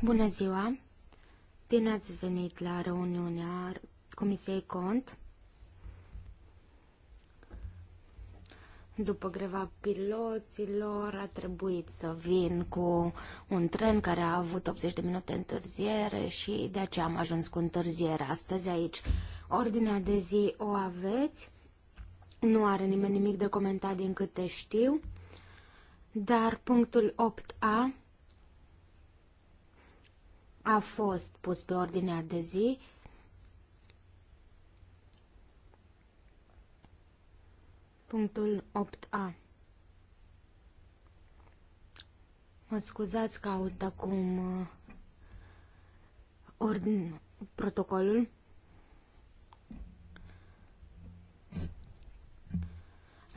Bună ziua. Bine ați venit la reuniunea Comisiei Cont. După greva piloților a trebuit să vin cu un tren care a avut 80 de minute întârziere și de aceea am ajuns cu întârziere astăzi aici. Ordinea de zi o aveți? Nu are nimeni nimic de comentat din câte știu dar punctul 8a a fost pus pe ordinea de zi. Punctul 8a. Mă scuzați că aud acum uh, ordin, protocolul.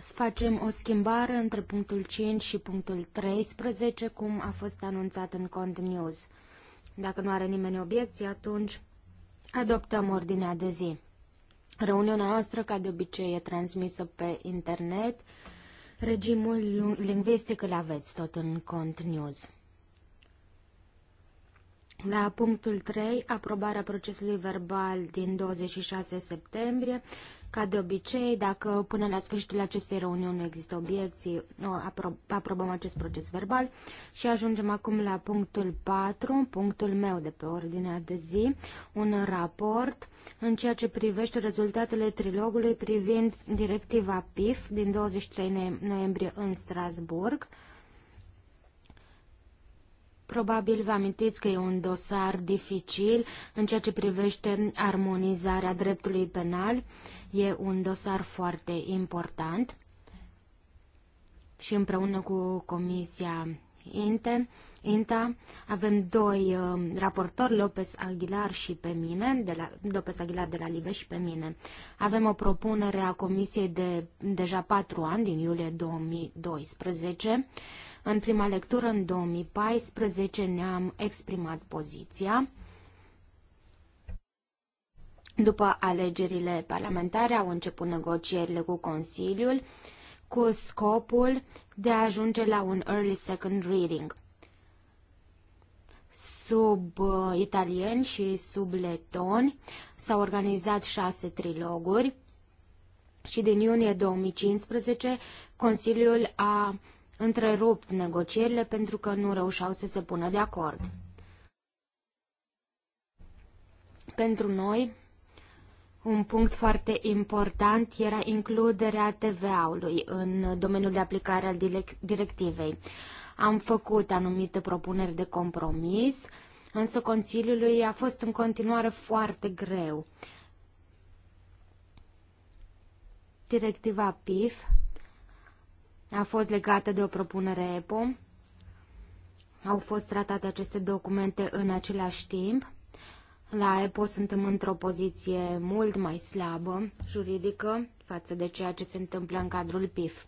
să facem o schimbare între punctul 5 și punctul 13, cum a fost anunțat în Cont News. Dacă nu are nimeni obiecții, atunci adoptăm ordinea de zi. Reuniunea noastră, ca de obicei, e transmisă pe internet. Regimul lingvistic îl aveți tot în Cont News. La punctul 3, aprobarea procesului verbal din 26 septembrie, ca de obicei, dacă până la sfârșitul acestei reuniuni nu există obiecții, aprob aprobăm acest proces verbal și ajungem acum la punctul 4, punctul meu de pe ordinea de zi, un raport în ceea ce privește rezultatele trilogului privind directiva PIF din 23 noiembrie în Strasburg. Probabil vă amintiți că e un dosar dificil în ceea ce privește armonizarea dreptului penal. E un dosar foarte important și împreună cu Comisia INTE, INTA avem doi uh, raportori, Lopez Aguilar și pe mine, de la, Lopez Aguilar de la Libe și pe mine. Avem o propunere a Comisiei de deja patru ani, din iulie 2012, în prima lectură, în 2014, ne-am exprimat poziția. După alegerile parlamentare au început negocierile cu Consiliul cu scopul de a ajunge la un early second reading. Sub uh, italieni și sub letoni s-au organizat șase triloguri și din iunie 2015 Consiliul a întrerupt negocierile pentru că nu reușeau să se pună de acord. Pentru noi, un punct foarte important era includerea TVA-ului în domeniul de aplicare al directivei. Am făcut anumite propuneri de compromis, însă Consiliului a fost în continuare foarte greu. Directiva PIF a fost legată de o propunere EPO. Au fost tratate aceste documente în același timp. La EPO suntem într-o poziție mult mai slabă, juridică, față de ceea ce se întâmplă în cadrul PIF.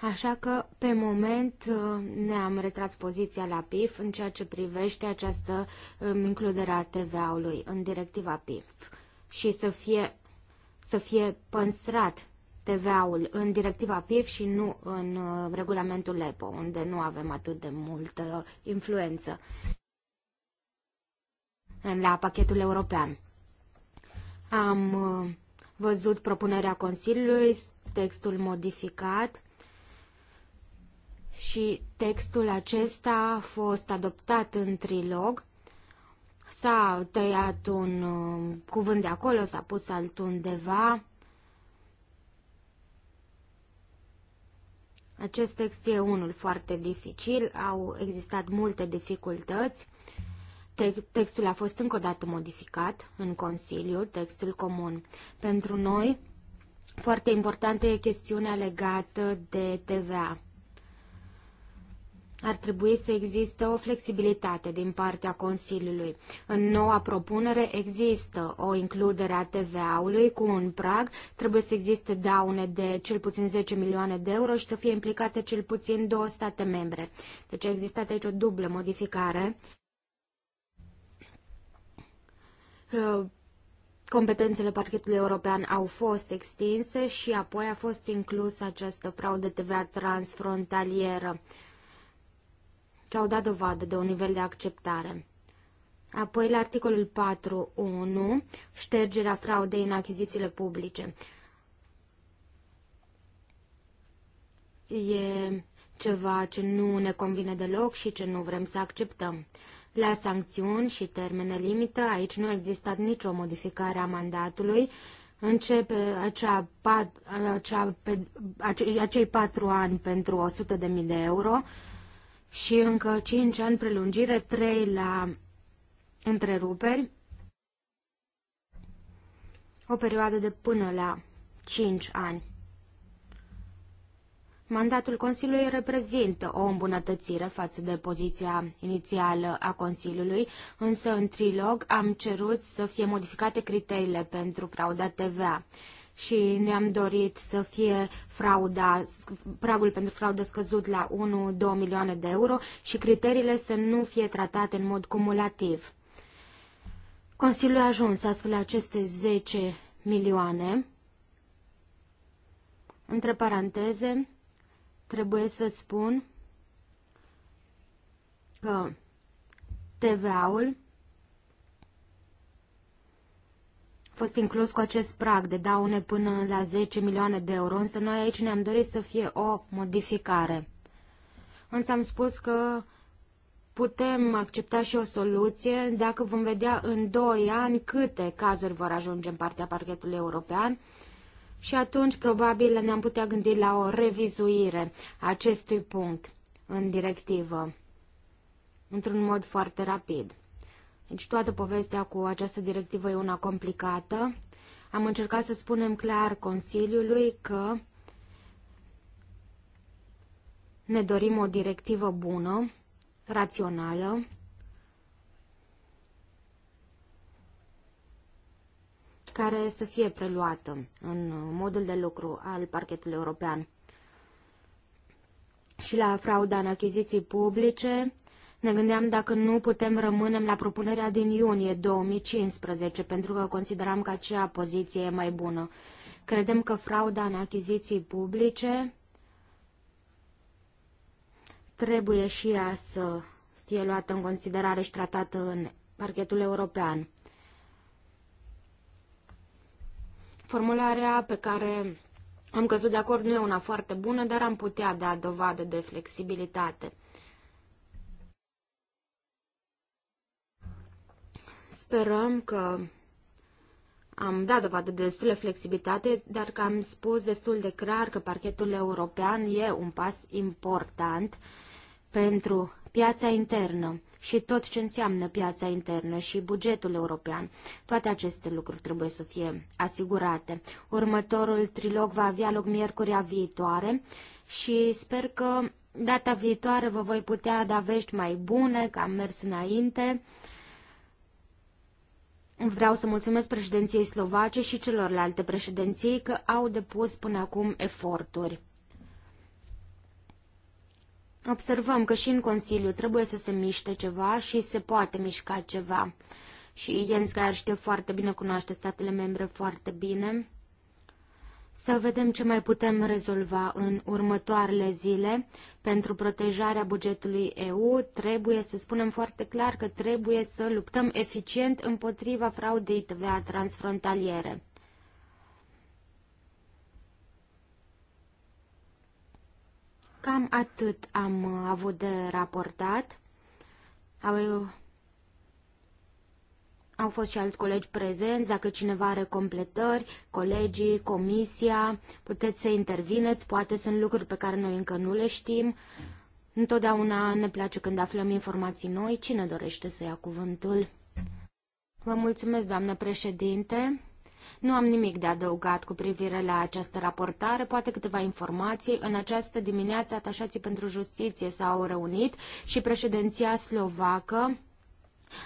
Așa că, pe moment, ne-am retras poziția la PIF în ceea ce privește această um, includere a TVA-ului în directiva PIF și să fie, să fie păstrat TVA-ul în directiva PIF și nu în uh, regulamentul EPO, unde nu avem atât de multă influență la pachetul european. Am uh, văzut propunerea Consiliului, textul modificat și textul acesta a fost adoptat în trilog. S-a tăiat un uh, cuvânt de acolo, s-a pus altundeva Acest text e unul foarte dificil, au existat multe dificultăți. Textul a fost încă o dată modificat în Consiliu, textul comun. Pentru noi, foarte importantă e chestiunea legată de TVA ar trebui să existe o flexibilitate din partea Consiliului. În noua propunere există o includere a TVA-ului cu un prag, trebuie să existe daune de cel puțin 10 milioane de euro și să fie implicate cel puțin două state membre. Deci a existat aici o dublă modificare. Uh, competențele parchetului european au fost extinse și apoi a fost inclusă această fraudă TVA transfrontalieră ce au dat dovadă de un nivel de acceptare. Apoi, la articolul 4.1, ștergerea fraudei în achizițiile publice. E ceva ce nu ne convine deloc și ce nu vrem să acceptăm. La sancțiuni și termene limită, aici nu a existat nicio modificare a mandatului. Începe acea pat, acea, pe, ace, acei patru ani pentru 100.000 de euro și încă 5 ani prelungire, 3 la întreruperi, o perioadă de până la 5 ani. Mandatul Consiliului reprezintă o îmbunătățire față de poziția inițială a Consiliului, însă în trilog am cerut să fie modificate criteriile pentru frauda TVA și ne-am dorit să fie frauda, pragul pentru fraudă scăzut la 1-2 milioane de euro și criteriile să nu fie tratate în mod cumulativ. Consiliul a ajuns astfel la aceste 10 milioane. Între paranteze, trebuie să spun că TVA-ul fost inclus cu acest prag de daune până la 10 milioane de euro, însă noi aici ne-am dorit să fie o modificare. Însă am spus că putem accepta și o soluție dacă vom vedea în 2 ani câte cazuri vor ajunge în partea parchetului european și atunci probabil ne-am putea gândi la o revizuire a acestui punct în directivă într-un mod foarte rapid. Deci toată povestea cu această directivă e una complicată. Am încercat să spunem clar Consiliului că ne dorim o directivă bună, rațională, care să fie preluată în modul de lucru al parchetului european. Și la frauda în achiziții publice ne gândeam dacă nu putem rămânem la propunerea din iunie 2015, pentru că consideram că acea poziție e mai bună. Credem că frauda în achiziții publice trebuie și ea să fie luată în considerare și tratată în parchetul european. Formularea pe care am căzut de acord nu e una foarte bună, dar am putea da dovadă de flexibilitate. Sperăm că am dat dovadă de destulă flexibilitate, dar că am spus destul de clar că parchetul european e un pas important pentru piața internă și tot ce înseamnă piața internă și bugetul european. Toate aceste lucruri trebuie să fie asigurate. Următorul trilog va avea loc miercurea viitoare și sper că data viitoare vă voi putea da vești mai bune, că am mers înainte. Vreau să mulțumesc președinției slovace și celorlalte președinții că au depus până acum eforturi. Observăm că și în Consiliu trebuie să se miște ceva și se poate mișca ceva. Și Jens Geier știe foarte bine, cunoaște statele membre foarte bine să vedem ce mai putem rezolva în următoarele zile. Pentru protejarea bugetului EU trebuie să spunem foarte clar că trebuie să luptăm eficient împotriva fraudei TVA transfrontaliere. Cam atât am uh, avut de raportat. Au au fost și alți colegi prezenți. Dacă cineva are completări, colegii, comisia, puteți să intervineți. Poate sunt lucruri pe care noi încă nu le știm. Întotdeauna ne place când aflăm informații noi. Cine dorește să ia cuvântul? Vă mulțumesc, doamnă președinte. Nu am nimic de adăugat cu privire la această raportare, poate câteva informații. În această dimineață, atașații pentru justiție s-au reunit și președinția slovacă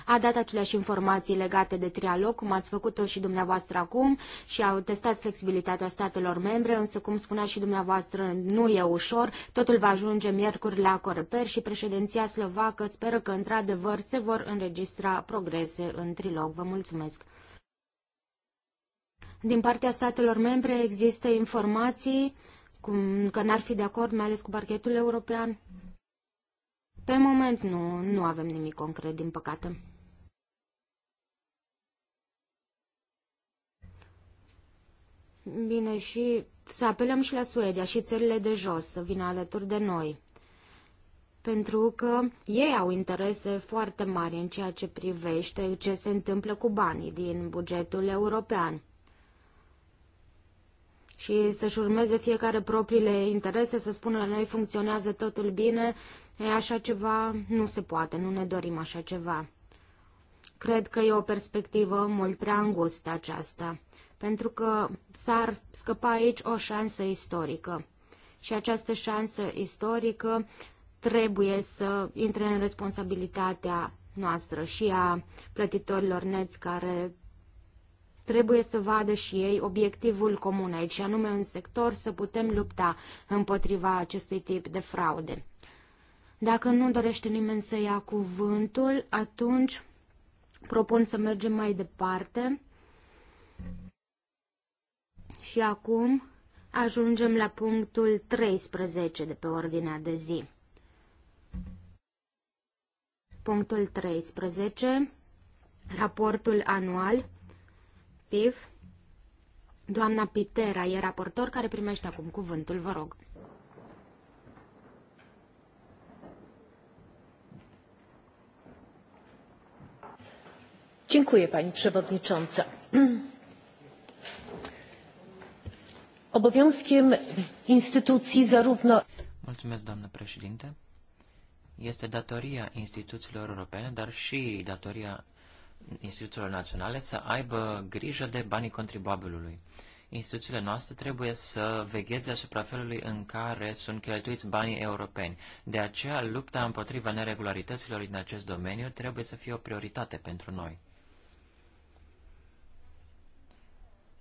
a dat aceleași informații legate de trialog, cum ați făcut-o și dumneavoastră acum, și au testat flexibilitatea statelor membre, însă, cum spunea și dumneavoastră, nu e ușor, totul va ajunge miercuri la Corper și președinția slovacă speră că, într-adevăr, se vor înregistra progrese în trilog. Vă mulțumesc! Din partea statelor membre există informații cum, că n-ar fi de acord, mai ales cu parchetul european? Pe moment nu, nu avem nimic concret, din păcate. Bine, și să apelăm și la Suedia și țările de jos să vină alături de noi. Pentru că ei au interese foarte mari în ceea ce privește ce se întâmplă cu banii din bugetul european. Și să-și urmeze fiecare propriile interese, să spună la noi funcționează totul bine, E, așa ceva nu se poate, nu ne dorim așa ceva. Cred că e o perspectivă mult prea îngustă aceasta, pentru că s-ar scăpa aici o șansă istorică. Și această șansă istorică trebuie să intre în responsabilitatea noastră și a plătitorilor neți care trebuie să vadă și ei obiectivul comun aici, și anume în sector să putem lupta împotriva acestui tip de fraude. Dacă nu dorește nimeni să ia cuvântul, atunci propun să mergem mai departe. Și acum ajungem la punctul 13 de pe ordinea de zi. Punctul 13. Raportul anual PIF. Doamna Pitera e raportor care primește acum cuvântul, vă rog. Pani Przewodnicząca. Obowiązkiem instytucji zarówno... doamnă președinte. Este datoria instituțiilor europene, dar și datoria instituțiilor naționale să aibă grijă de banii contribuabilului. Instituțiile noastre trebuie să vegheze asupra felului în care sunt cheltuiți banii europeni. De aceea, lupta împotriva neregularităților din acest domeniu trebuie să fie o prioritate pentru noi.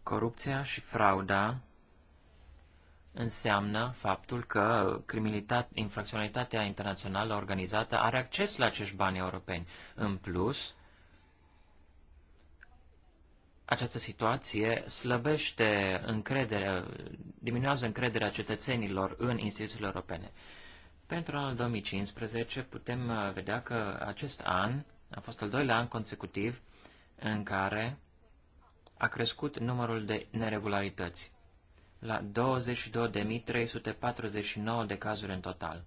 Corupția și frauda înseamnă faptul că infracționalitatea internațională organizată are acces la acești bani europeni. În plus, această situație slăbește încrederea, diminuează încrederea cetățenilor în instituțiile europene. Pentru anul 2015 putem uh, vedea că acest an a fost al doilea an consecutiv în care a crescut numărul de neregularități, la 22.349 de cazuri în total.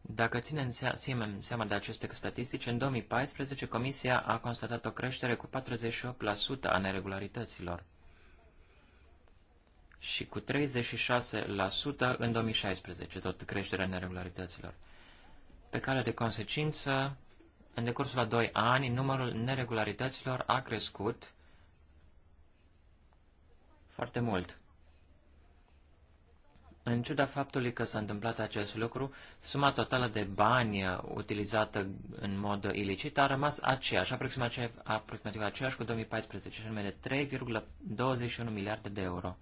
Dacă ținem seama de aceste statistici, în 2014 Comisia a constatat o creștere cu 48% a neregularităților și cu 36% în 2016, tot creșterea neregularităților. Pe care de consecință, în decursul a doi ani, numărul neregularităților a crescut foarte mult. În ciuda faptului că s-a întâmplat acest lucru, suma totală de bani utilizată în mod ilicit a rămas aceeași, aproximativ, aproximativ aceeași cu 2014, și anume de 3,21 miliarde de euro.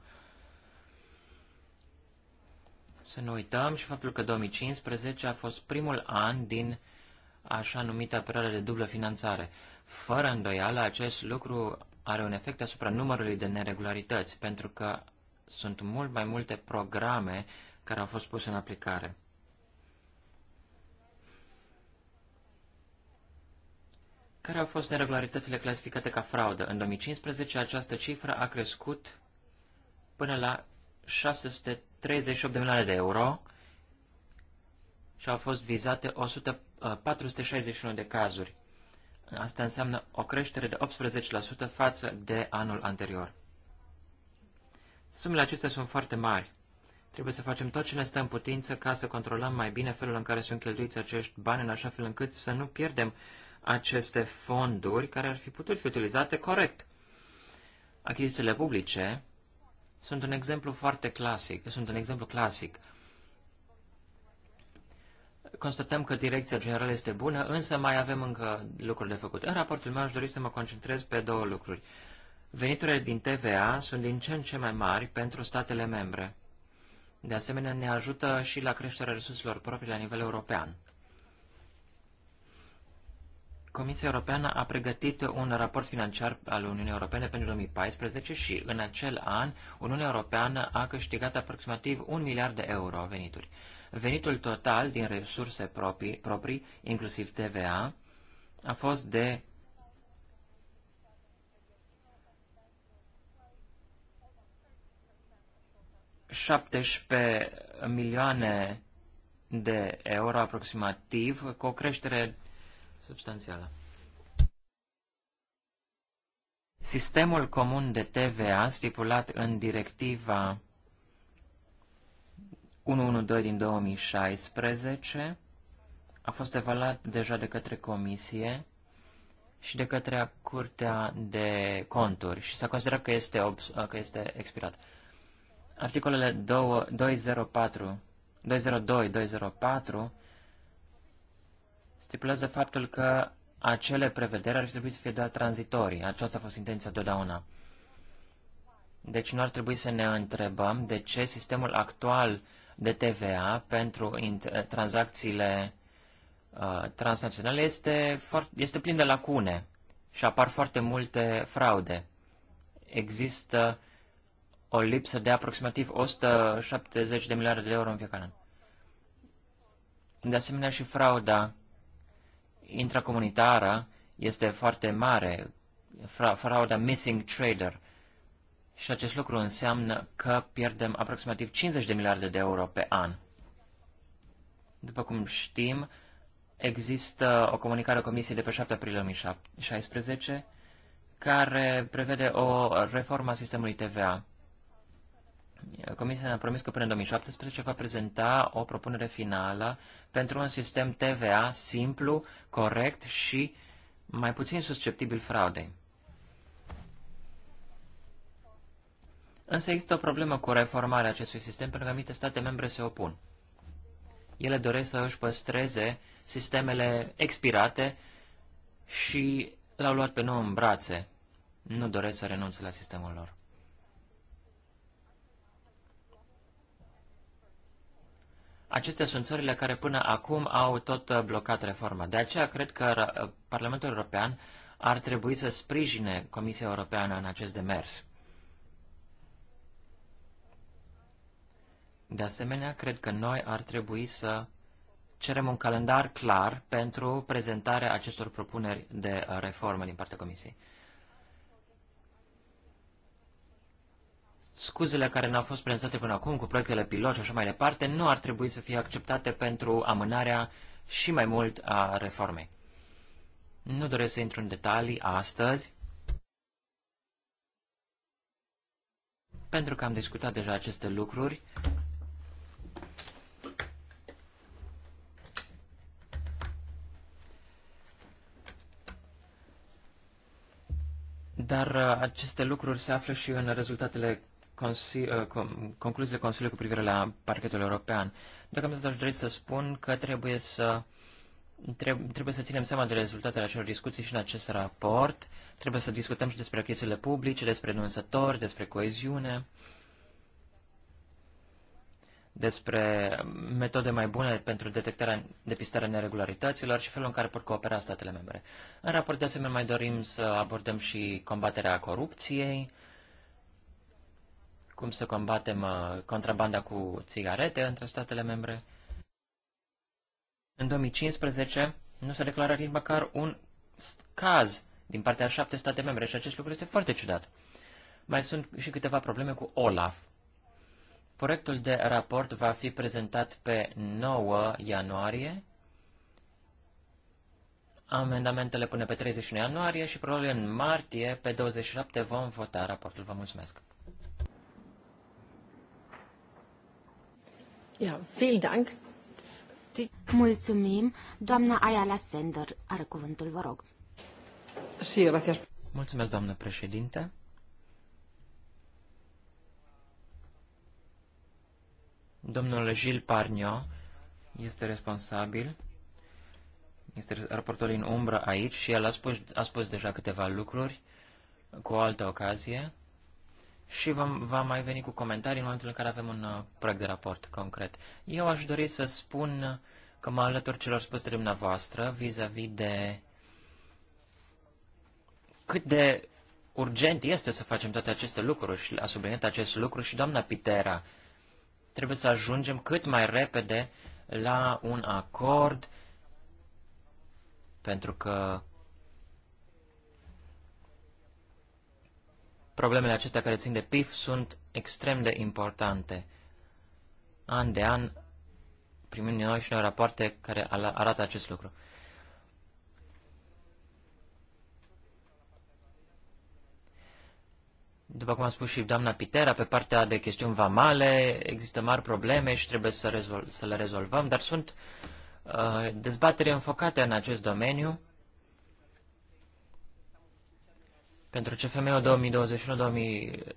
Să nu uităm și faptul că 2015 a fost primul an din așa numită perioadă de dublă finanțare. Fără îndoială, acest lucru are un efect asupra numărului de neregularități, pentru că sunt mult mai multe programe care au fost puse în aplicare. Care au fost neregularitățile clasificate ca fraudă? În 2015 această cifră a crescut până la 638 de milioane de euro și au fost vizate 100 461 uh, de cazuri. Asta înseamnă o creștere de 18% față de anul anterior. Sumele acestea sunt foarte mari. Trebuie să facem tot ce ne stă în putință ca să controlăm mai bine felul în care sunt cheltuiți acești bani, în așa fel încât să nu pierdem aceste fonduri care ar fi putut fi utilizate corect. Achizițiile publice sunt un exemplu foarte clasic, sunt un exemplu clasic constatăm că direcția generală este bună, însă mai avem încă lucruri de făcut. În raportul meu aș dori să mă concentrez pe două lucruri. Veniturile din TVA sunt din ce în ce mai mari pentru statele membre. De asemenea, ne ajută și la creșterea resurselor proprii la nivel european. Comisia Europeană a pregătit un raport financiar al Uniunii Europene pentru 2014 și în acel an Uniunea Europeană a câștigat aproximativ un miliard de euro venituri. Venitul total din resurse proprii, proprii inclusiv TVA, a fost de 17 milioane de euro aproximativ, cu o creștere substanțială. Sistemul comun de TVA stipulat în directiva 112 din 2016 a fost evaluat deja de către comisie și de către Curtea de Conturi și s-a considerat că este, că este expirat. Articolele 204, 202, 204 stipulează faptul că acele prevederi ar trebui să fie doar tranzitorii. Aceasta a fost intenția totdeauna. Deci nu ar trebui să ne întrebăm de ce sistemul actual de TVA pentru tranzacțiile uh, transnaționale este, este plin de lacune și apar foarte multe fraude. Există o lipsă de aproximativ 170 de miliarde de euro în fiecare an. De asemenea, și frauda intracomunitară este foarte mare, fra frauda missing trader – și acest lucru înseamnă că pierdem aproximativ 50 de miliarde de euro pe an. După cum știm, există o comunicare a Comisiei de pe 7 aprilie 2016 care prevede o reformă a sistemului TVA. Comisia ne-a promis că până în 2017 va prezenta o propunere finală pentru un sistem TVA simplu, corect și mai puțin susceptibil fraudei. Însă există o problemă cu reformarea acestui sistem, pentru că anumite state membre se opun. Ele doresc să își păstreze sistemele expirate și l-au luat pe nou în brațe. Nu doresc să renunțe la sistemul lor. Acestea sunt țările care până acum au tot blocat reforma. De aceea cred că Parlamentul European ar trebui să sprijine Comisia Europeană în acest demers. De asemenea, cred că noi ar trebui să cerem un calendar clar pentru prezentarea acestor propuneri de reformă din partea Comisiei. Scuzele care n au fost prezentate până acum cu proiectele pilot și așa mai departe nu ar trebui să fie acceptate pentru amânarea și mai mult a reformei. Nu doresc să intru în detalii astăzi, pentru că am discutat deja aceste lucruri Dar uh, aceste lucruri se află și în rezultatele uh, concluziile Consiliului cu privire la parchetul european. Deocamdată aș dori să spun că trebuie să trebuie să ținem seama de rezultatele acelor discuții și în acest raport. Trebuie să discutăm și despre achizițiile publice, despre denunțători, despre coeziune despre metode mai bune pentru detectarea, depistarea neregularităților și felul în care pot coopera statele membre. În raport de asemenea mai dorim să abordăm și combaterea corupției, cum să combatem uh, contrabanda cu țigarete între statele membre. În 2015 nu se declară nici măcar un caz din partea a șapte state membre și acest lucru este foarte ciudat. Mai sunt și câteva probleme cu OLAF. Proiectul de raport va fi prezentat pe 9 ianuarie, amendamentele până pe 31 ianuarie și probabil în martie, pe 27, vom vota raportul. Vă mulțumesc! Ja, vielen Dank. Mulțumim. Doamna Ayala Sender are cuvântul, vă rog. Mulțumesc, doamnă președinte. Domnul Gilles Parnio este responsabil, este raportor în umbră aici și el a spus, a spus deja câteva lucruri cu o altă ocazie și va, va mai veni cu comentarii în momentul în care avem un uh, proiect de raport concret. Eu aș dori să spun că mă alătur celor spuse dumneavoastră vis-a-vis -vis de cât de urgent este să facem toate aceste lucruri și a subliniat acest lucru și doamna Pitera Trebuie să ajungem cât mai repede la un acord, pentru că problemele acestea care țin de PIF sunt extrem de importante. An de an primim noi și noi rapoarte care arată acest lucru. După cum a spus și doamna Pitera, pe partea de chestiuni vamale există mari probleme și trebuie să, rezol- să le rezolvăm, dar sunt uh, dezbatere înfocate în acest domeniu. Pentru CFM-ul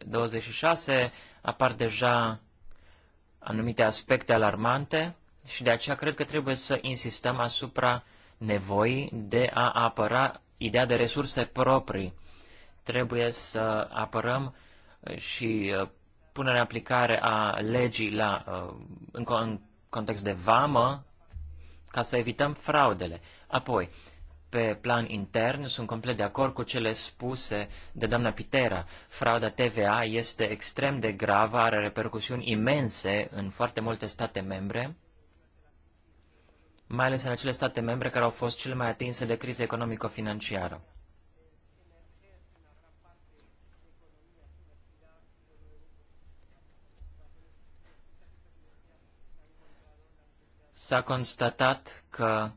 2021-2026 apar deja anumite aspecte alarmante și de aceea cred că trebuie să insistăm asupra nevoii de a apăra ideea de resurse proprii trebuie să apărăm și uh, punerea în aplicare a legii la, uh, în context de vamă ca să evităm fraudele. Apoi, pe plan intern, sunt complet de acord cu cele spuse de doamna Pitera. Frauda TVA este extrem de gravă, are repercusiuni imense în foarte multe state membre, mai ales în acele state membre care au fost cele mai atinse de criza economico-financiară. s-a constatat că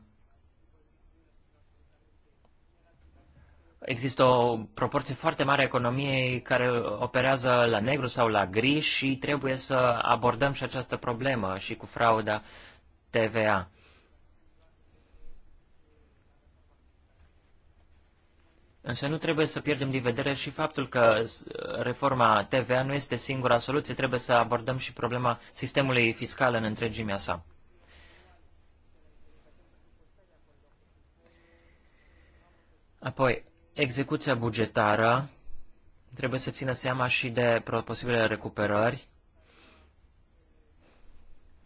există o proporție foarte mare a economiei care operează la negru sau la gri și trebuie să abordăm și această problemă și cu frauda TVA. Însă nu trebuie să pierdem din vedere și faptul că reforma TVA nu este singura soluție, trebuie să abordăm și problema sistemului fiscal în întregimea sa. Apoi, execuția bugetară trebuie să țină seama și de posibile recuperări.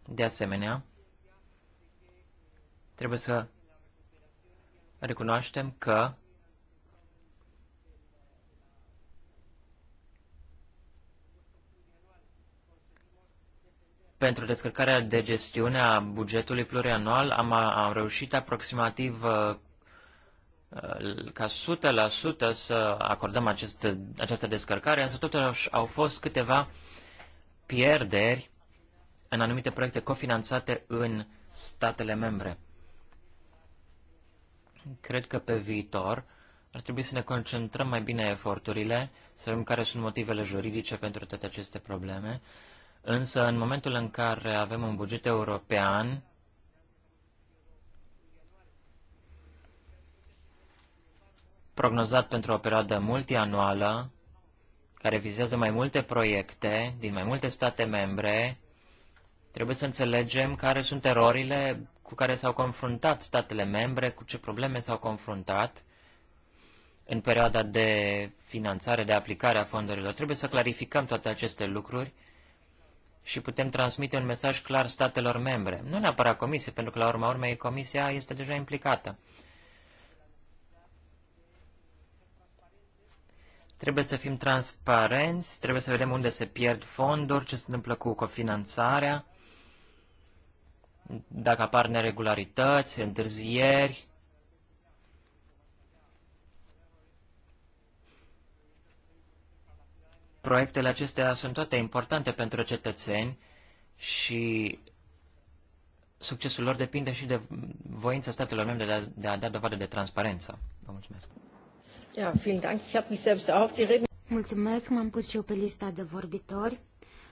De asemenea, trebuie să recunoaștem că pentru descărcarea de gestiune a bugetului plurianual am, am reușit aproximativ uh, Uh, ca 100% să acordăm acest, această descărcare, însă totuși au fost câteva pierderi în anumite proiecte cofinanțate în statele membre. Cred că pe viitor ar trebui să ne concentrăm mai bine eforturile, să vedem care sunt motivele juridice pentru toate aceste probleme, însă în momentul în care avem un buget european prognozat pentru o perioadă multianuală, care vizează mai multe proiecte din mai multe state membre, trebuie să înțelegem care sunt erorile cu care s-au confruntat statele membre, cu ce probleme s-au confruntat în perioada de finanțare, de aplicare a fondurilor. Trebuie să clarificăm toate aceste lucruri și putem transmite un mesaj clar statelor membre. Nu neapărat comisie, pentru că la urma urmei comisia este deja implicată. Trebuie să fim transparenți, trebuie să vedem unde se pierd fonduri, ce se întâmplă cu cofinanțarea, dacă apar neregularități, întârzieri. Proiectele acestea sunt toate importante pentru cetățeni și succesul lor depinde și de voința statelor membre de a, de a da dovadă de transparență. Vă mulțumesc. Mulțumesc, m-am pus și eu pe lista de vorbitori.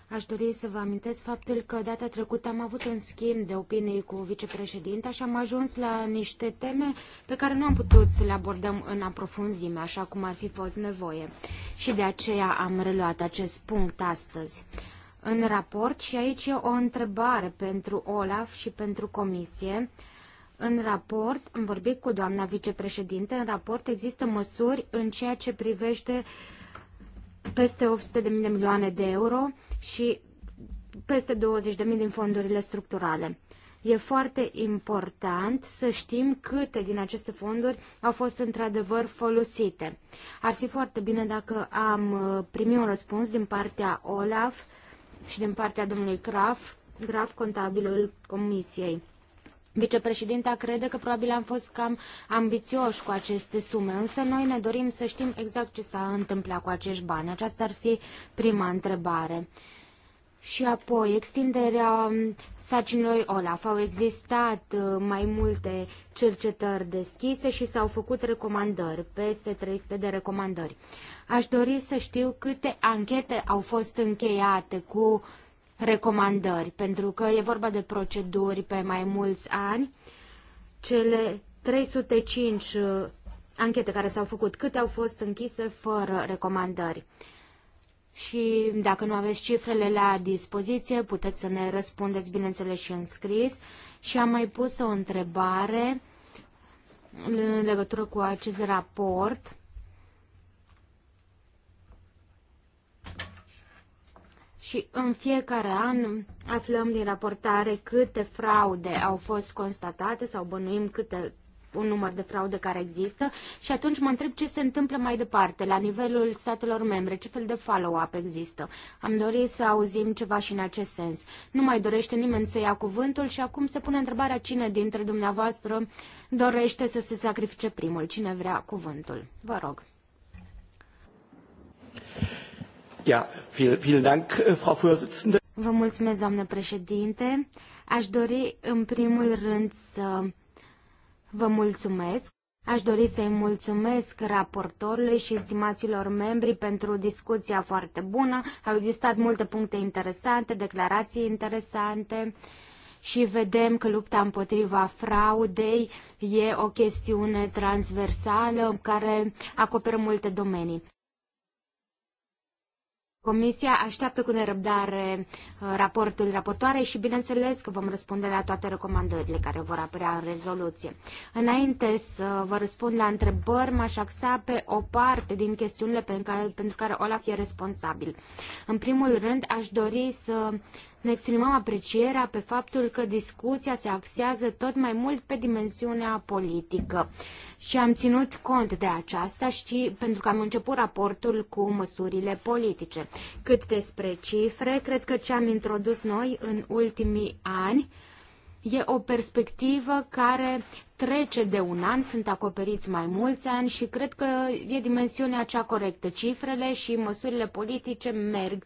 Aș dori să vă amintesc faptul că data trecută am avut un schimb de opinii cu vicepreședinta și am ajuns la niște teme pe care nu am putut să le abordăm în aprofunzime, așa cum ar fi fost nevoie. Și de aceea am reluat acest punct astăzi în raport și aici e o întrebare pentru Olaf și pentru Comisie. Uh, în raport, am vorbit cu doamna vicepreședinte, în raport există măsuri în ceea ce privește peste 800 de milioane de euro și peste 20 de mii din fondurile structurale. E foarte important să știm câte din aceste fonduri au fost într-adevăr folosite. Ar fi foarte bine dacă am uh, primit un răspuns din partea OLAF și din partea domnului Graf, Graf contabilul Comisiei. Vicepreședinta crede că probabil am fost cam ambițioși cu aceste sume, însă noi ne dorim să știm exact ce s-a întâmplat cu acești bani. Aceasta ar fi prima întrebare. Și apoi, extinderea sacinului OLAF. Au existat uh, mai multe cercetări deschise și s-au făcut recomandări, peste 300 de recomandări. Aș dori să știu câte anchete au fost încheiate cu recomandări, pentru că e vorba de proceduri pe mai mulți ani. Cele 305 uh, anchete care s-au făcut, câte au fost închise fără recomandări? Și dacă nu aveți cifrele la dispoziție, puteți să ne răspundeți, bineînțeles, și în scris. Și am mai pus o întrebare în legătură cu acest raport și în fiecare an aflăm din raportare câte fraude au fost constatate sau bănuim câte un număr de fraude care există și atunci mă întreb ce se întâmplă mai departe, la nivelul statelor membre, ce fel de follow-up există. Am dorit să auzim ceva și în acest sens. Nu mai dorește nimeni să ia cuvântul și acum se pune întrebarea cine dintre dumneavoastră dorește să se sacrifice primul, cine vrea cuvântul. Vă rog. Ja, viel, vielen Dank, äh, Frau Vorsitzende. Vă mulțumesc, doamnă președinte. Aș dori, în primul rând, să vă mulțumesc. Aș dori să-i mulțumesc raportorului și stimaților membri pentru discuția foarte bună. Au existat multe puncte interesante, declarații interesante și vedem că lupta împotriva fraudei e o chestiune transversală care acoperă multe domenii. Comisia așteaptă cu nerăbdare uh, raportul raportoare și bineînțeles că vom răspunde la toate recomandările care vor apărea în rezoluție. Înainte să vă răspund la întrebări, m-aș axa pe o parte din chestiunile pentru care Olaf e responsabil. În primul rând, aș dori să ne exprimăm aprecierea pe faptul că discuția se axează tot mai mult pe dimensiunea politică. Și am ținut cont de aceasta și pentru că am început raportul cu măsurile politice. Cât despre cifre, cred că ce am introdus noi în ultimii ani e o perspectivă care trece de un an, sunt acoperiți mai mulți ani și cred că e dimensiunea cea corectă. Cifrele și măsurile politice merg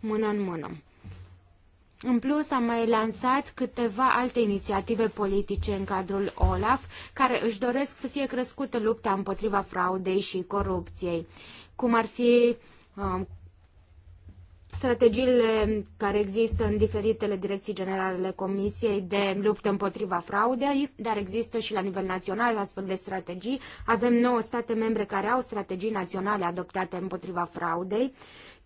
mână în mână. În plus, am mai lansat câteva alte inițiative politice în cadrul OLAF, care își doresc să fie crescută lupta împotriva fraudei și corupției, cum ar fi um, strategiile care există în diferitele direcții generale ale Comisiei de luptă împotriva fraudei, dar există și la nivel național astfel de strategii. Avem 9 state membre care au strategii naționale adoptate împotriva fraudei. Uh,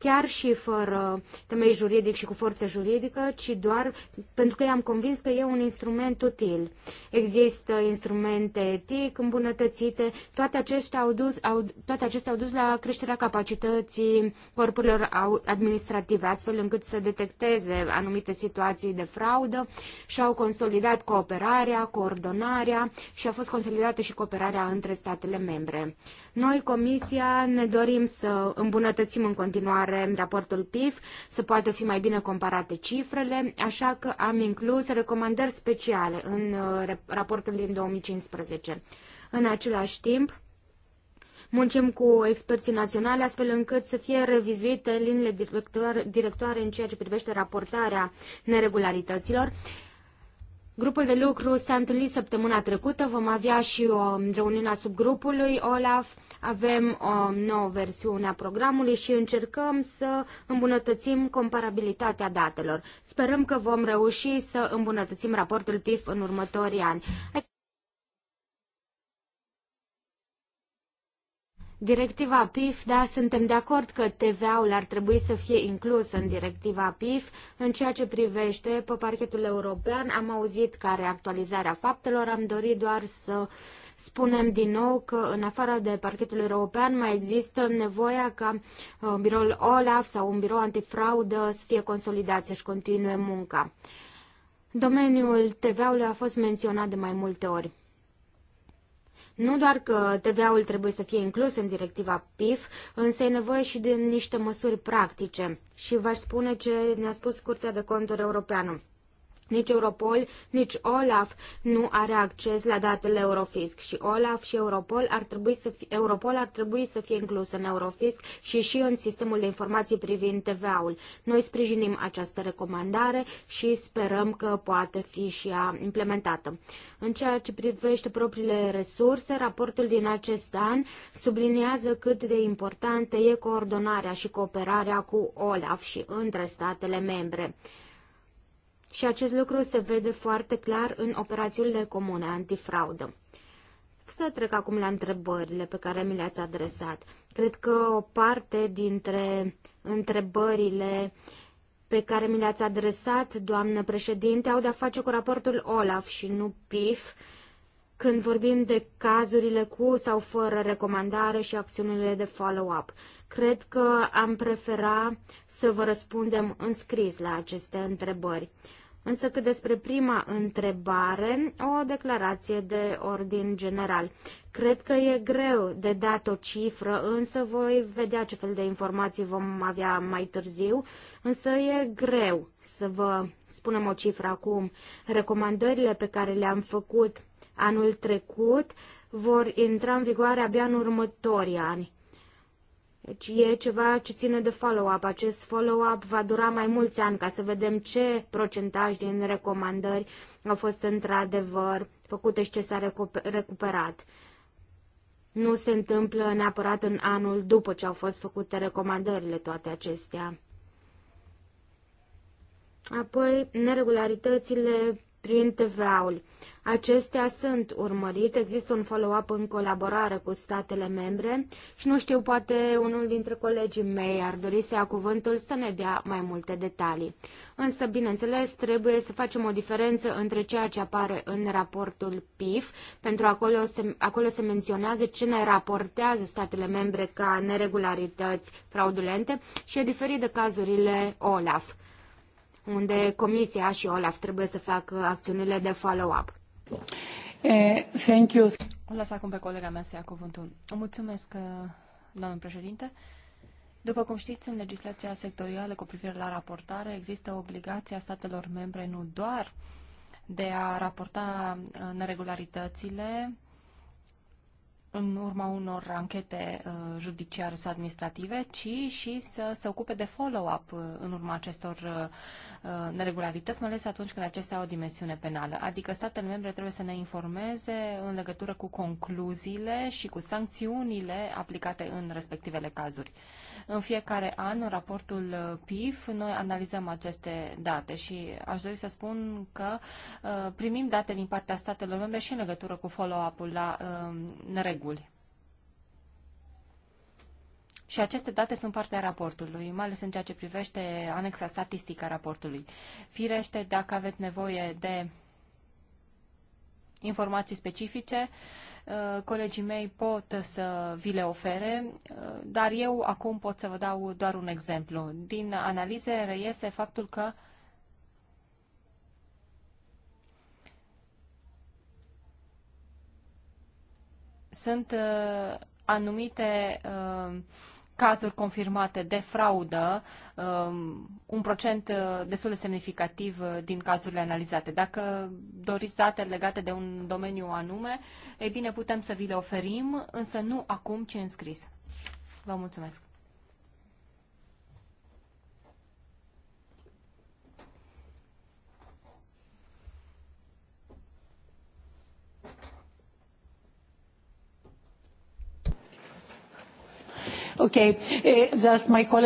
chiar și fără temei juridic și cu forță juridică, ci doar pentru că i-am convins că e un instrument util. Există instrumente etic îmbunătățite, toate acestea au dus, au, toate acestea au dus la creșterea capacității corpurilor administrative, astfel încât să detecteze anumite situații de fraudă și au consolidat cooperarea, coordonarea și a fost consolidată și cooperarea între statele membre. Noi, Comisia, ne dorim să îmbunătățim în continuare raportul PIF, să poată fi mai bine comparate cifrele, așa că am inclus recomandări speciale în uh, raportul din 2015. În același timp, Muncim cu experții naționali astfel încât să fie revizuite liniile directoare, directoare în ceea ce privește raportarea neregularităților Grupul de lucru s-a întâlnit săptămâna trecută, vom avea și o reuniune a subgrupului OLAF, avem o nouă versiune a programului și încercăm să îmbunătățim comparabilitatea datelor. Sperăm că vom reuși să îmbunătățim raportul PIF în următorii ani. Directiva PIF, da, suntem de acord că TVA-ul ar trebui să fie inclus în directiva PIF. În ceea ce privește pe parchetul european, am auzit care actualizarea faptelor, am dorit doar să spunem din nou că în afară de parchetul european mai există nevoia ca uh, biroul OLAF sau un birou antifraudă să fie consolidat, să-și continue munca. Domeniul TVA-ului a fost menționat de mai multe ori. Nu doar că TVA-ul trebuie să fie inclus în directiva PIF, însă e nevoie și de niște măsuri practice. Și v-aș spune ce ne-a spus Curtea de Conturi Europeană. Nici Europol, nici Olaf nu are acces la datele Eurofisc și Olaf și Europol ar trebui să fie, Europol ar trebui să fie inclus în Eurofisc și și în sistemul de informații privind TVA-ul. Noi sprijinim această recomandare și sperăm că poate fi și ea implementată. În ceea ce privește propriile resurse, raportul din acest an subliniază cât de importantă e coordonarea și cooperarea cu Olaf și între statele membre și acest lucru se vede foarte clar în operațiunile comune antifraudă. Să trec acum la întrebările pe care mi le-ați adresat. Cred că o parte dintre întrebările pe care mi le-ați adresat, doamnă președinte, au de-a face cu raportul OLAF și nu PIF, când vorbim de cazurile cu sau fără recomandare și acțiunile de follow-up. Cred că am prefera să vă răspundem în scris la aceste întrebări. Însă cât despre prima întrebare, o declarație de ordin general. Cred că e greu de dat o cifră, însă voi vedea ce fel de informații vom avea mai târziu, însă e greu să vă spunem o cifră acum. Recomandările pe care le-am făcut anul trecut vor intra în vigoare abia în următorii ani. Deci e ceva ce ține de follow-up. Acest follow-up va dura mai mulți ani ca să vedem ce procentaj din recomandări au fost într-adevăr făcute și ce s-a recuperat. Nu se întâmplă neapărat în anul după ce au fost făcute recomandările toate acestea. Apoi, neregularitățile prin TVA-ul. Acestea sunt urmărite, există un follow-up în colaborare cu statele membre și nu știu, poate unul dintre colegii mei ar dori să ia cuvântul să ne dea mai multe detalii. Însă, bineînțeles, trebuie să facem o diferență între ceea ce apare în raportul PIF, pentru acolo se, acolo se menționează ce ne raportează statele membre ca neregularități fraudulente și e diferit de cazurile OLAF unde Comisia și Olaf trebuie să facă acțiunile de follow-up. Eh, thank you. O las acum pe colega mea să ia cuvântul. Mulțumesc, eh, domnul președinte. După cum știți, în legislația sectorială cu privire la raportare există obligația statelor membre nu doar de a raporta eh, neregularitățile în urma unor anchete uh, judiciare sau administrative, ci și să se ocupe de follow-up uh, în urma acestor uh, neregularități, mai ales atunci când acestea au o dimensiune penală. Adică statele membre trebuie să ne informeze în legătură cu concluziile și cu sancțiunile aplicate în respectivele cazuri. În fiecare an, în raportul PIF, noi analizăm aceste date și aș dori să spun că primim date din partea statelor membre și în legătură cu follow-up-ul la neregularități reguli. Și aceste date sunt parte a raportului, mai ales în ceea ce privește anexa statistică a raportului. Firește, dacă aveți nevoie de informații specifice, uh, colegii mei pot să vi le ofere, uh, dar eu acum pot să vă dau doar un exemplu. Din analize reiese faptul că sunt uh, anumite uh, cazuri confirmate de fraudă, um, un procent uh, destul de semnificativ din cazurile analizate. Dacă doriți date legate de un domeniu anume, ei bine, putem să vi le oferim, însă nu acum, ci înscris. Vă mulțumesc. Eh,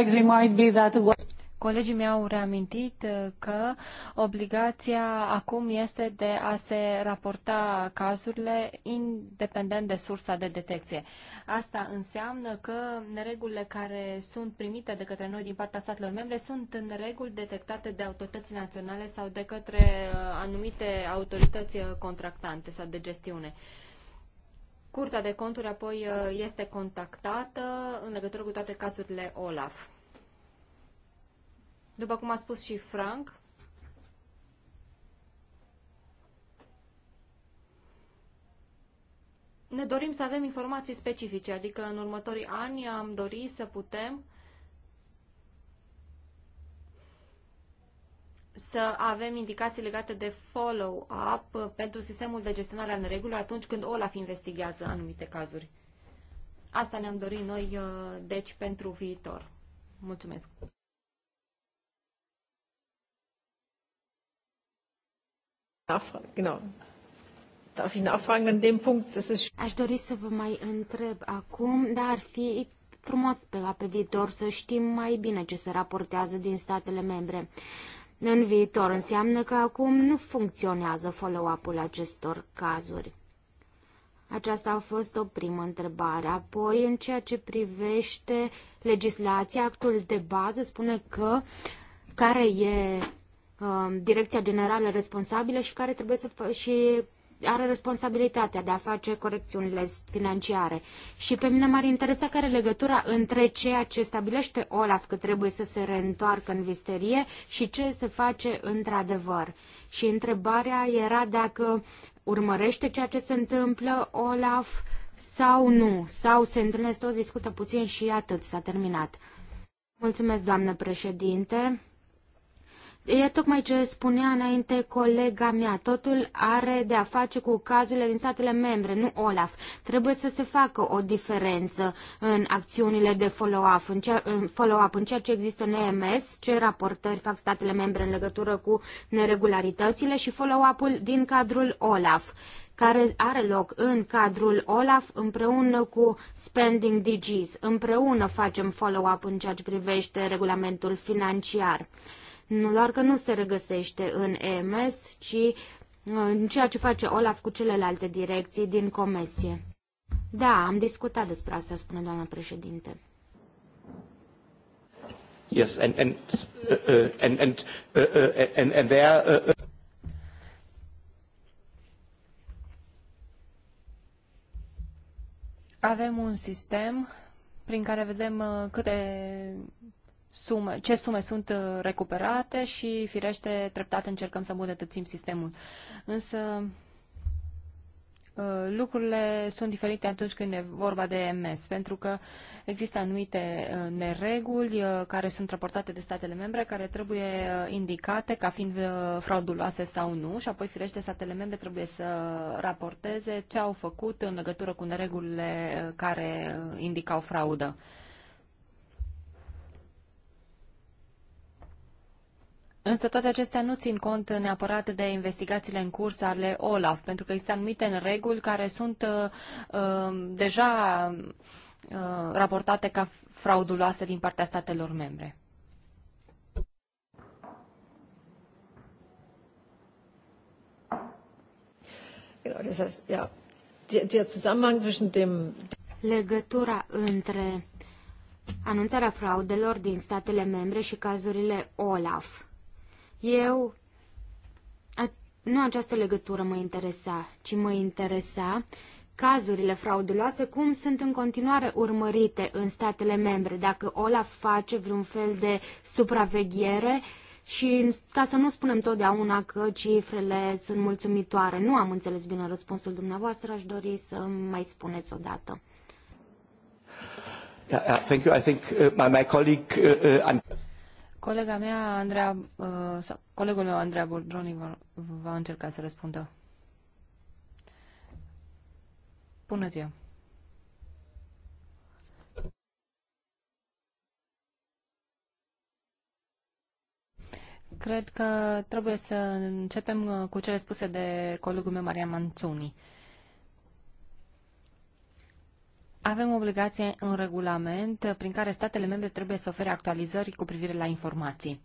Colegii mei au reamintit eh, că obligația acum este de a se raporta cazurile independent de sursa de detecție. Asta înseamnă că neregulile care sunt primite de către noi din partea statelor membre sunt în reguli detectate de autorități naționale sau de către eh, anumite autorități contractante sau de gestiune. Uh, Curtea de conturi apoi uh, este contactată în legătură cu toate cazurile OLAF. După cum a spus și Frank, ne dorim să avem informații specifice, adică în următorii ani am dorit să putem uh, să avem indicații legate de follow-up pentru sistemul de gestionare în regulă atunci când OLAF investigează anumite cazuri. Asta ne-am dorit noi, uh, deci, pentru viitor. Mulțumesc! Aș dori să vă mai întreb acum, dar ar fi frumos pe la pe viitor să știm mai bine ce se raportează din statele membre în viitor înseamnă că acum nu funcționează follow-up-ul acestor cazuri. Aceasta a fost o primă întrebare. Apoi, în ceea ce privește legislația, actul de bază spune că care e uh, direcția generală responsabilă și care trebuie să și are responsabilitatea de a face corecțiunile financiare. Și pe mine m-ar interesa care legătura între ceea ce stabilește Olaf că trebuie să se reîntoarcă în visterie și ce se face într-adevăr. Și întrebarea era dacă urmărește ceea ce se întâmplă Olaf sau nu, sau se întâlnesc toți, discută puțin și atât, s-a terminat. Mulțumesc, doamnă președinte. E tocmai ce spunea înainte colega mea. Totul are de a face cu cazurile din statele membre, nu Olaf. Trebuie să se facă o diferență în acțiunile de follow-up, în, în, follow în ceea ce există în EMS, ce raportări fac statele membre în legătură cu neregularitățile și follow-up-ul din cadrul Olaf care are loc în cadrul OLAF împreună cu Spending DGs. Împreună facem follow-up în ceea ce privește regulamentul financiar. Nu doar că nu se regăsește în EMS, ci uh, în ceea ce face Olaf cu celelalte direcții din comisie. Da, am discutat despre asta, spune doamna președinte. Yes, and and uh, uh and and uh, uh and and there. Uh, Avem un sistem prin care vedem câte sume, ce sume sunt uh, recuperate și, firește, treptat încercăm să îmbunătățim sistemul. Însă, uh, lucrurile sunt diferite atunci când e vorba de MS, pentru că există anumite uh, nereguli care sunt raportate de statele membre, care trebuie indicate ca fiind frauduloase sau nu și apoi, firește, statele membre trebuie să raporteze ce au făcut în legătură cu neregulile care indicau fraudă. Însă toate acestea nu țin cont neapărat de investigațiile în curs ale OLAF, pentru că există anumite reguli care sunt uh, uh, deja uh, raportate ca frauduloase din partea statelor membre. Legătura între anunțarea fraudelor din statele membre și cazurile OLAF. Eu, a, nu această legătură mă interesa, ci mă interesa cazurile frauduloase, cum sunt în continuare urmărite în statele membre, dacă OLAF face vreun fel de supraveghere și ca să nu spunem totdeauna că cifrele sunt mulțumitoare. Nu am înțeles bine răspunsul dumneavoastră, aș dori să mai spuneți dată. Yeah, thank you. I think uh, my, my colleague... Uh, uh, Colega mea, Andrea, uh, sau colegul meu, Andrea Bordroni, va, va încerca să răspundă. Bună ziua! Cred că trebuie să începem uh, cu cele spuse de colegul meu, Maria Manțuni. Uh, avem obligație în regulament prin care statele membre trebuie să ofere actualizări cu privire la informații.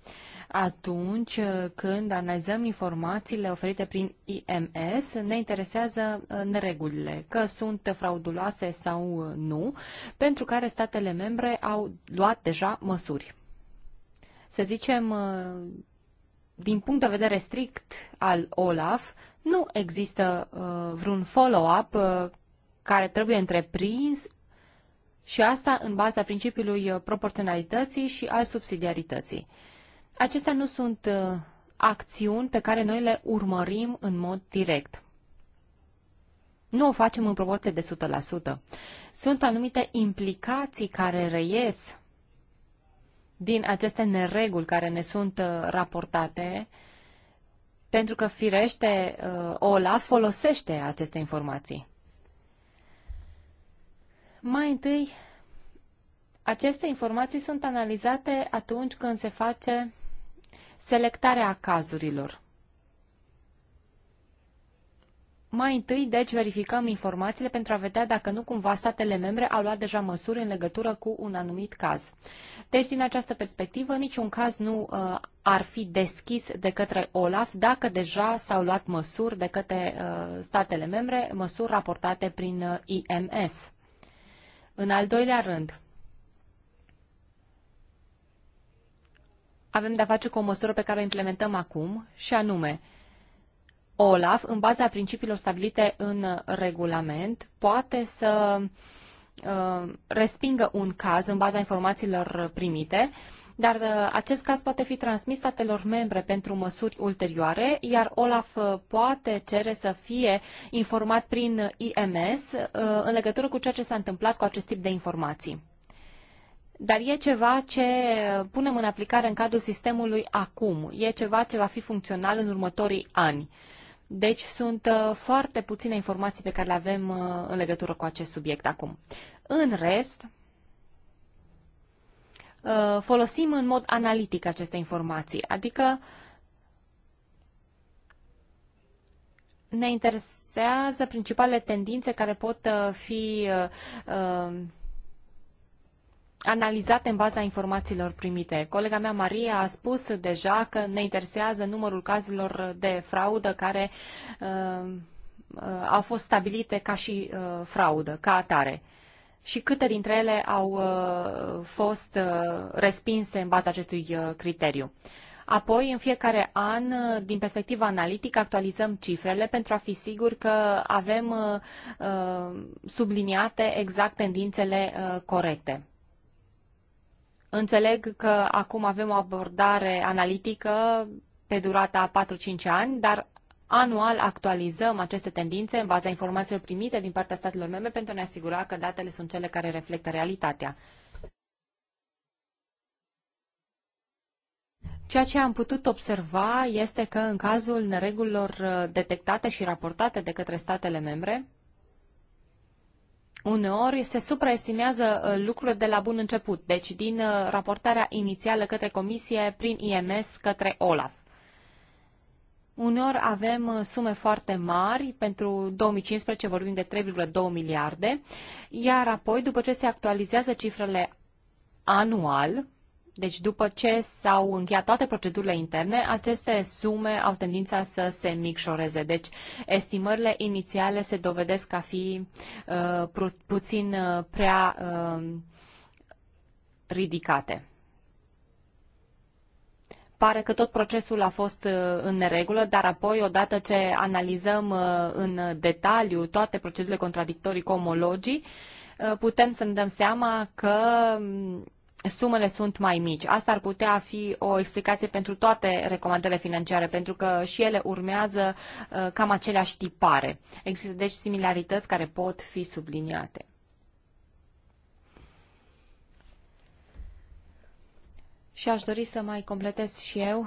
Atunci când analizăm informațiile oferite prin IMS, ne interesează uh, neregulile, că sunt frauduloase sau uh, nu, pentru care statele membre au luat deja măsuri. Să zicem, uh, din punct de vedere strict al OLAF, nu există vreun follow-up care trebuie întreprins și asta în baza principiului proporționalității și al subsidiarității. Acestea nu sunt uh, acțiuni pe care noi le urmărim în mod direct. Nu o facem în proporție de 100%. Sunt anumite implicații care reies din aceste nereguli care ne sunt uh, raportate, pentru că, firește, uh, OLAF folosește aceste informații. Mai întâi, aceste informații sunt analizate atunci când se face selectarea cazurilor. Mai întâi, deci, verificăm informațiile pentru a vedea dacă nu cumva statele membre au luat deja măsuri în legătură cu un anumit caz. Deci, din această perspectivă, niciun caz nu uh, ar fi deschis de către OLAF dacă deja s-au luat măsuri de către uh, statele membre, măsuri raportate prin uh, IMS. În al doilea rând, avem de-a face cu o măsură pe care o implementăm acum, și anume, OLAF, în baza principiilor stabilite în regulament, poate să uh, respingă un caz în baza informațiilor primite uh, dar uh, acest caz poate fi transmis statelor membre pentru măsuri ulterioare, iar Olaf uh, poate cere să fie informat prin IMS uh, în legătură cu ceea ce s-a întâmplat cu acest tip de informații dar e ceva ce punem în aplicare în cadrul sistemului acum. E ceva ce va fi funcțional în următorii ani. Deci sunt foarte puține informații pe care le avem în legătură cu acest subiect acum. În rest, Uh, folosim în mod analitic aceste informații. Adică ne interesează principalele tendințe care pot uh, fi uh, analizate în baza informațiilor primite. Colega mea, Maria, a spus deja că ne interesează numărul cazurilor de fraudă care uh, uh, au fost stabilite ca și uh, fraudă, ca atare. Uh, și câte dintre ele au uh, fost uh, respinse în baza acestui uh, criteriu. Apoi, în fiecare an, din perspectiva analitică, actualizăm cifrele pentru a fi sigur că avem subliniate exact tendințele corecte. Înțeleg că acum avem o abordare analitică pe durata 4-5 ani, dar Anual actualizăm aceste tendințe în baza informațiilor primite din partea statelor membre pentru a ne asigura că datele sunt cele care reflectă realitatea. Ceea ce am putut observa este că în cazul neregulilor uh, detectate și raportate de către statele membre, uneori se supraestimează uh, lucrurile de la bun început, deci din uh, raportarea inițială către Comisie prin IMS către OLAF. Uneori avem uh, sume foarte mari, pentru 2015 vorbim de 3,2 miliarde, iar apoi, după ce se actualizează cifrele anual, deci după ce s-au încheiat toate procedurile interne, aceste sume au tendința să se micșoreze. Deci estimările inițiale se dovedesc a fi uh, pu puțin uh, prea uh, ridicate pare că tot procesul a fost uh, în neregulă, dar apoi, odată ce analizăm uh, în detaliu toate procedurile contradictorii cu omologii, uh, putem să ne dăm seama că mm, sumele sunt mai mici. Asta ar putea fi o explicație pentru toate recomandările financiare, pentru că și ele urmează cam aceleași tipare. Există deci similarități care pot fi subliniate. Și aș dori să mai completez și eu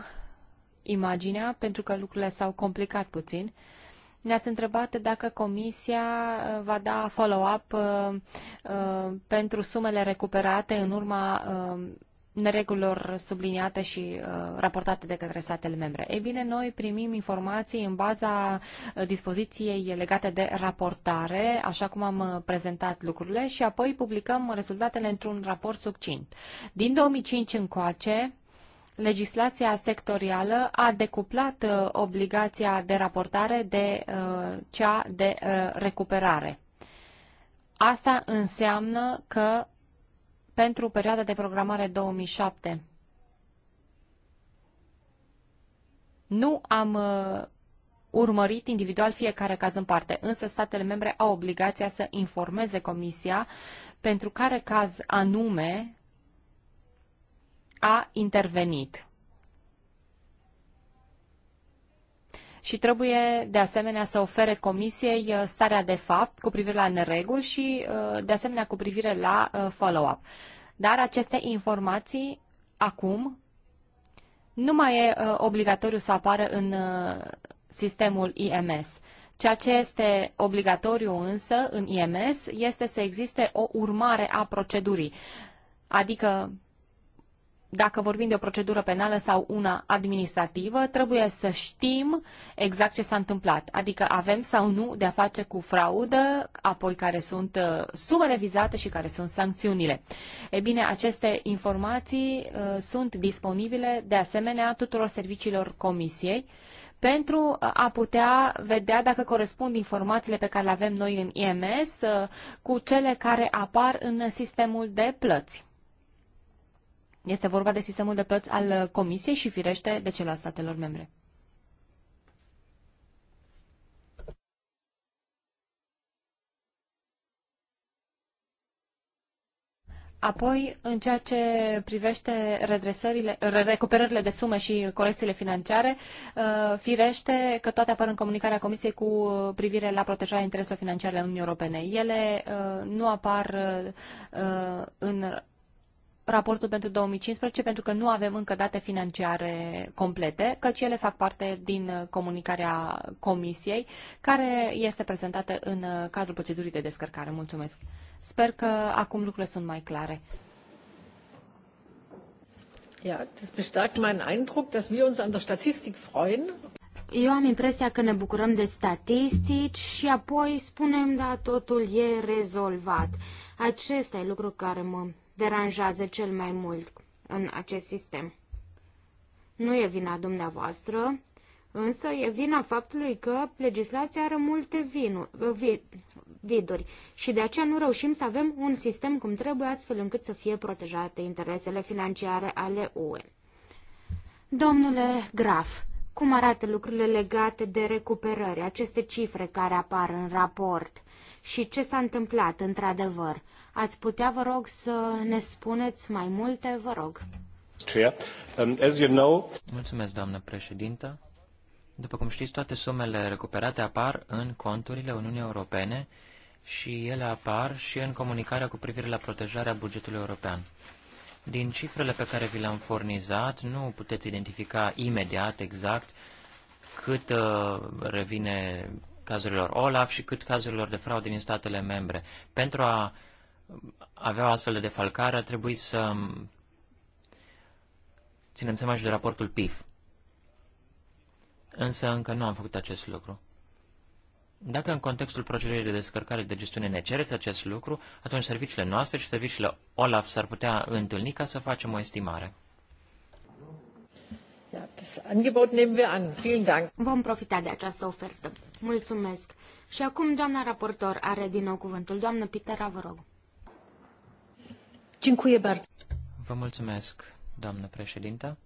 imaginea, pentru că lucrurile s-au complicat puțin. Ne-ați întrebat dacă comisia uh, va da follow-up uh, uh, pentru sumele recuperate în urma uh, neregulilor subliniate și uh, raportate de către statele membre. Ei bine, noi primim informații în baza uh, dispoziției legate de raportare, așa cum am uh, prezentat lucrurile, și apoi publicăm rezultatele într-un raport succint. Din 2005 încoace, legislația sectorială a decuplat uh, obligația de raportare de uh, cea de uh, recuperare. Asta înseamnă că pentru perioada de programare 2007. Nu am uh, urmărit individual fiecare caz în parte, însă statele membre au obligația să informeze Comisia pentru care caz anume a intervenit. și trebuie de asemenea să ofere comisiei uh, starea de fapt cu privire la nereguli și uh, de asemenea cu privire la uh, follow-up. Dar aceste informații acum nu mai e obligatoriu să apară în sistemul IMS. Ceea ce este obligatoriu însă în IMS este să existe o urmare a procedurii. Adică dacă vorbim de o procedură penală sau una administrativă, trebuie să știm exact ce s-a întâmplat. Adică avem sau nu de a face cu fraudă, apoi care sunt uh, sumele vizate și care sunt sancțiunile. E bine, aceste informații uh, sunt disponibile de asemenea tuturor serviciilor comisiei pentru a putea vedea dacă corespund informațiile pe care le avem noi în IMS uh, cu cele care apar în sistemul de plăți. Este vorba de sistemul de plăți al uh, Comisiei și, firește, de cel al statelor membre. Apoi, în ceea ce privește redresările, recuperările de sume și corecțiile financiare, uh, firește că toate apar în comunicarea Comisiei cu privire la protejarea intereselor financiare ale Uniunii Europene. Ele uh, nu apar în raportul pentru 2015 pentru că nu avem încă date financiare complete, căci ele fac parte din uh, comunicarea comisiei care este prezentată în uh, cadrul procedurii de descărcare. Mulțumesc. Sper că acum lucrurile sunt mai clare. Ja, das bestärkt meinen Eindruck, dass wir uns an der Statistik freuen. Eu am impresia că ne bucurăm de statistici și apoi spunem, da, totul e rezolvat. Acesta e lucru care mă deranjează cel mai mult în acest sistem. Nu e vina dumneavoastră, însă e vina faptului că legislația are multe vinu, vi, viduri și de aceea nu reușim să avem un sistem cum trebuie astfel încât să fie protejate interesele financiare ale UE. Domnule Graf, cum arată lucrurile legate de recuperări, aceste cifre care apar în raport și ce s-a întâmplat într-adevăr? Ați putea, vă rog, să ne spuneți mai multe, vă rog. Um, Mulțumesc, doamnă președintă. După cum știți, toate sumele recuperate apar în conturile Uniunii Europene și ele apar și în comunicarea cu privire la protejarea bugetului european. Din cifrele pe care vi le-am furnizat, nu puteți identifica imediat exact cât uh, revine cazurilor OLAF și cât cazurilor de fraude din statele membre. Pentru a uh, avea o astfel de defalcare, trebuie să ținem seama și de raportul PIF. Însă încă nu am făcut acest lucru. Dacă în contextul procedurii de descărcare de gestiune ne cereți acest lucru, atunci serviciile noastre și serviciile OLAF s-ar putea întâlni ca să facem o estimare. Vom profita de această ofertă. Mulțumesc. Și acum doamna raportor are din nou cuvântul. Doamnă Pitera, vă rog. Dziękuję bardzo. Vă mulțumesc, doamnă președintă.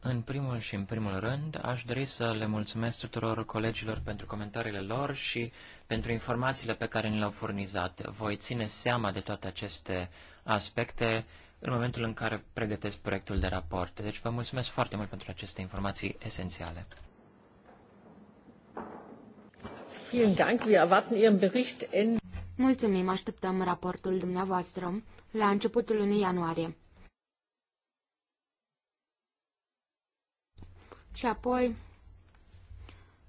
În primul și în primul rând, aș dori să le mulțumesc tuturor colegilor pentru comentariile lor și pentru informațiile pe care ni le-au furnizat. Voi ține seama de toate aceste aspecte în momentul în care pregătesc proiectul de raport. Deci vă mulțumesc foarte mult pentru aceste informații esențiale. Vielen Dank. Wir erwarten Ihren Bericht in Mulțumim, așteptăm raportul dumneavoastră la începutul lunii ianuarie. Și apoi,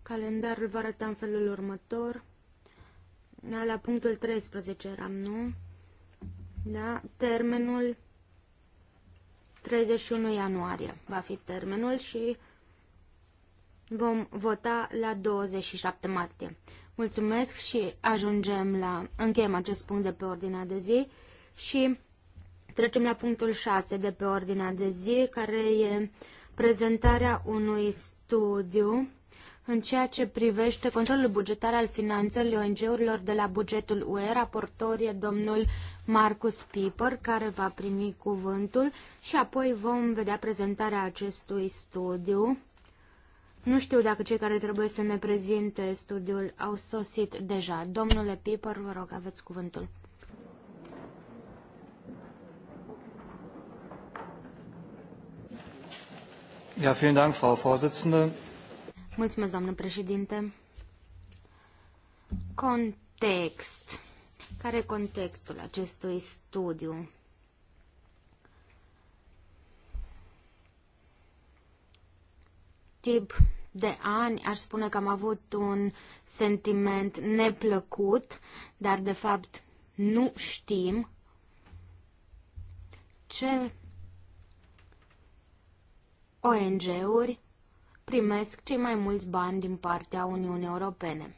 calendarul va arăta în felul următor. Da, la punctul 13 eram, nu? Da, termenul 31 ianuarie va fi termenul și vom vota la 27 martie. Mulțumesc și ajungem la, încheiem acest punct de pe ordinea de zi și trecem la punctul 6 de pe ordinea de zi, care e prezentarea unui studiu în ceea ce privește controlul bugetar al finanțelor ONG-urilor de la bugetul UE, raportor e domnul Marcus Piper, care va primi cuvântul și apoi vom vedea prezentarea acestui studiu. Nu știu dacă cei care trebuie să ne prezinte studiul au sosit deja. Domnule Piper, vă rog, aveți cuvântul. Ja, vielen Dank, Frau Vorsitzende. Mulțumesc, doamnă președinte. Context. Care e contextul acestui studiu? tip de ani aș spune că am avut un sentiment neplăcut, dar de fapt nu știm ce ONG-uri primesc cei mai mulți bani din partea Uniunii Europene.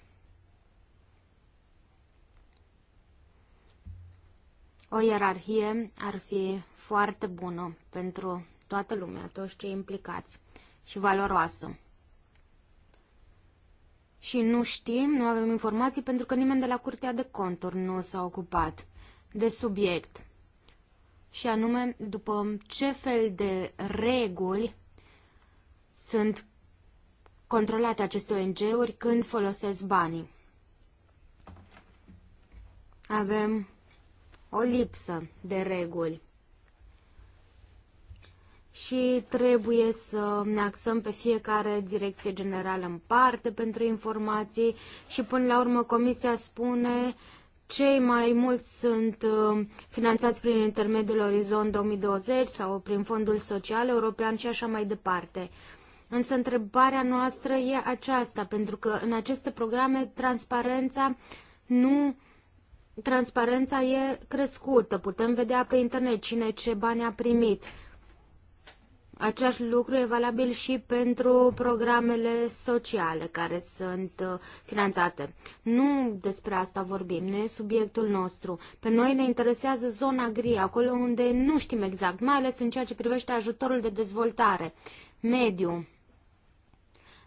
O ierarhie ar fi foarte bună pentru toată lumea, toți cei implicați și valoroasă și nu știm, nu avem informații pentru că nimeni de la Curtea de Conturi nu s-a ocupat de subiect. Și anume, după ce fel de reguli sunt controlate aceste ONG-uri când folosesc banii. Avem o lipsă de reguli și trebuie să ne axăm pe fiecare direcție generală în parte pentru informații și până la urmă comisia spune cei mai mulți sunt uh, finanțați prin intermediul Orizont 2020 sau prin Fondul Social European și așa mai departe. Însă întrebarea noastră e aceasta, pentru că în aceste programe transparența nu transparența e crescută. Putem vedea pe internet cine ce bani a primit. Același lucru e valabil și pentru programele sociale care sunt uh, finanțate. Nu despre asta vorbim, nu e subiectul nostru. Pe noi ne interesează zona gri, acolo unde nu știm exact, mai ales în ceea ce privește ajutorul de dezvoltare, mediu.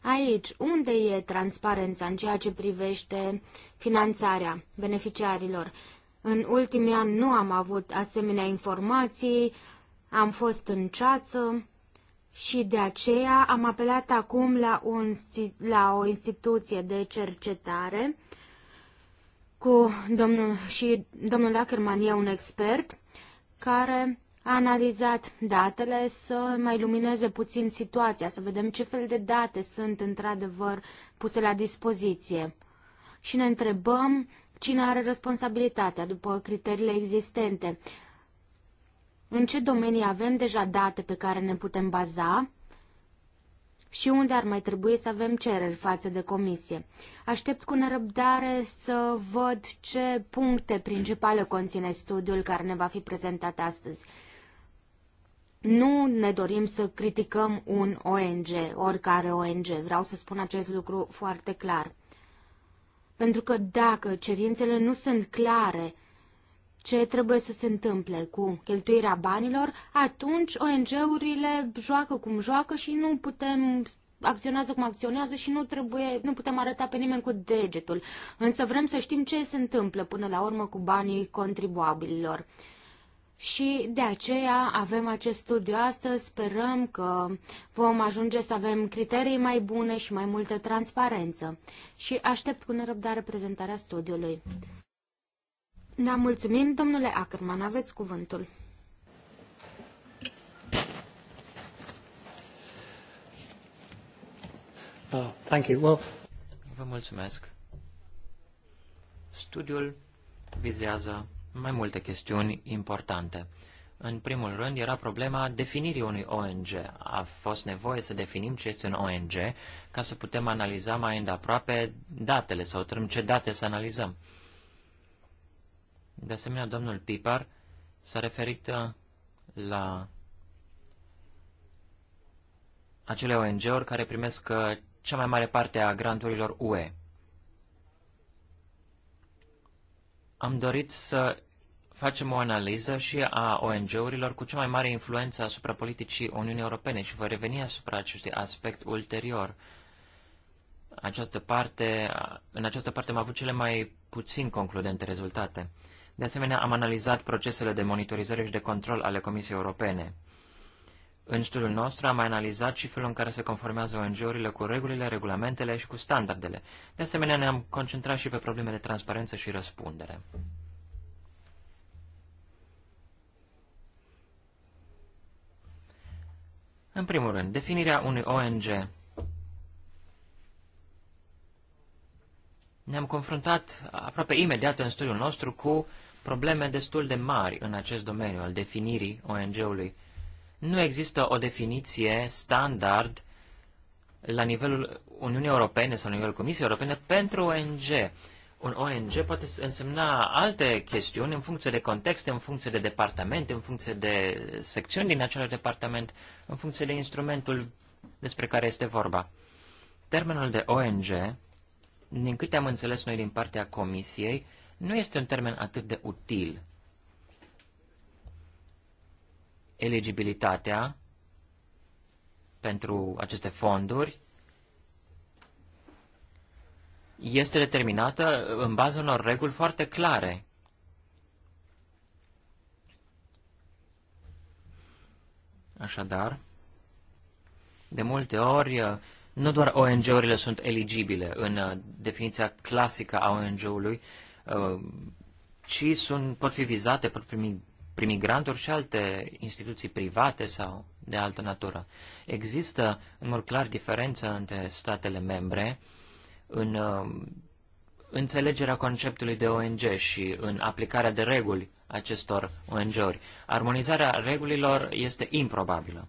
Aici, unde e transparența în ceea ce privește finanțarea beneficiarilor? În ultimii ani nu am avut asemenea informații, am fost în ceață și de aceea am apelat acum la, un, la o instituție de cercetare cu domnul, și domnul Ackerman e un expert care a analizat datele să mai lumineze puțin situația, să vedem ce fel de date sunt într-adevăr puse la dispoziție. Și ne întrebăm cine are responsabilitatea după criteriile existente în ce domenii avem deja date pe care ne putem baza și unde ar mai trebui să avem cereri față de comisie. Aștept cu nerăbdare să văd ce puncte principale conține studiul care ne va fi prezentat astăzi. Nu ne dorim să criticăm un ONG, oricare ONG. Vreau să spun acest lucru foarte clar. Pentru că dacă cerințele nu sunt clare ce trebuie să se întâmple cu cheltuirea banilor, atunci ONG-urile joacă cum joacă și nu putem acționează cum acționează și nu trebuie, nu putem arăta pe nimeni cu degetul. Însă vrem să știm ce se întâmplă până la urmă cu banii contribuabililor. Și de aceea avem acest studiu astăzi, sperăm că vom ajunge să avem criterii mai bune și mai multă transparență. Și aștept cu nerăbdare prezentarea studiului. Da, mulțumim. Domnule Ackerman, aveți cuvântul. Oh, thank you. Well... Vă mulțumesc. Studiul vizează mai multe chestiuni importante. În primul rând era problema definirii unui ONG. A fost nevoie să definim ce este un ONG ca să putem analiza mai îndeaproape datele, sau hotărâm ce date să analizăm. De asemenea, domnul Pipar s-a referit uh, la acele ONG-uri care primesc uh, cea mai mare parte a granturilor UE. Am dorit să facem o analiză și a ONG-urilor cu cea mai mare influență asupra politicii Uniunii Europene și voi reveni asupra acestui aspect ulterior. Această parte, în această parte am avut cele mai puțin concludente rezultate. De asemenea, am analizat procesele de monitorizare și de control ale Comisiei Europene. În studiul nostru am analizat și felul în care se conformează ONG-urile cu regulile, regulamentele și cu standardele. De asemenea, ne-am concentrat și pe probleme de transparență și răspundere. În primul rând, definirea unui ONG ne-am confruntat aproape imediat în studiul nostru cu probleme destul de mari în acest domeniu al definirii ONG-ului. Nu există o definiție standard la nivelul Uniunii Europene sau la nivelul Comisiei Europene pentru ONG. Un ONG poate însemna alte chestiuni în funcție de context, în funcție de departament, în funcție de secțiuni din acel departament, în funcție de instrumentul despre care este vorba. Termenul de ONG din câte am înțeles noi din partea comisiei, nu este un termen atât de util. Eligibilitatea pentru aceste fonduri este determinată în baza unor reguli foarte clare. Așadar, de multe ori nu doar ONG-urile sunt eligibile în uh, definiția clasică a ONG-ului, uh, ci sunt, pot fi vizate pot primi, primi granturi și alte instituții private sau de altă natură. Există, în mod clar, diferență între statele membre în uh, înțelegerea conceptului de ONG și în aplicarea de reguli acestor ONG-uri. Armonizarea regulilor este improbabilă.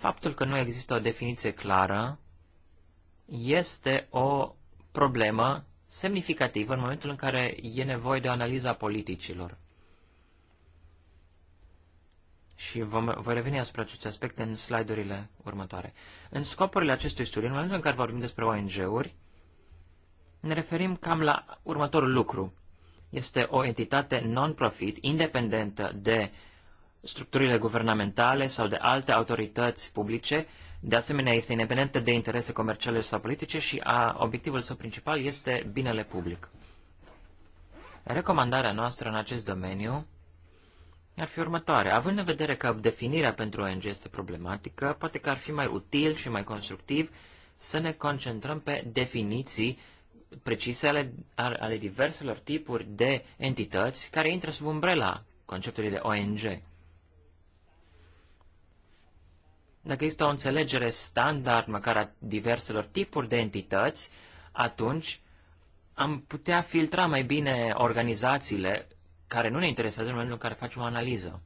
Faptul că nu există o definiție clară este o problemă semnificativă în momentul în care e nevoie de o analiză a politicilor. Și vom, voi reveni asupra acestui aspect în slide-urile următoare. În scopurile acestui studiu, în momentul în care vorbim despre ONG-uri, ne referim cam la următorul lucru. Este o entitate non-profit, independentă de structurile guvernamentale sau de alte autorități publice. De asemenea, este independentă de interese comerciale sau politice și a, obiectivul său principal este binele public. Recomandarea noastră în acest domeniu ar fi următoare. Având în vedere că definirea pentru ONG este problematică, poate că ar fi mai util și mai constructiv să ne concentrăm pe definiții precise ale, ale diverselor tipuri de entități care intră sub umbrela conceptului de ONG. Dacă există o înțelegere standard, măcar a diverselor tipuri de entități, atunci am putea filtra mai bine organizațiile care nu ne interesează în momentul în care facem o analiză.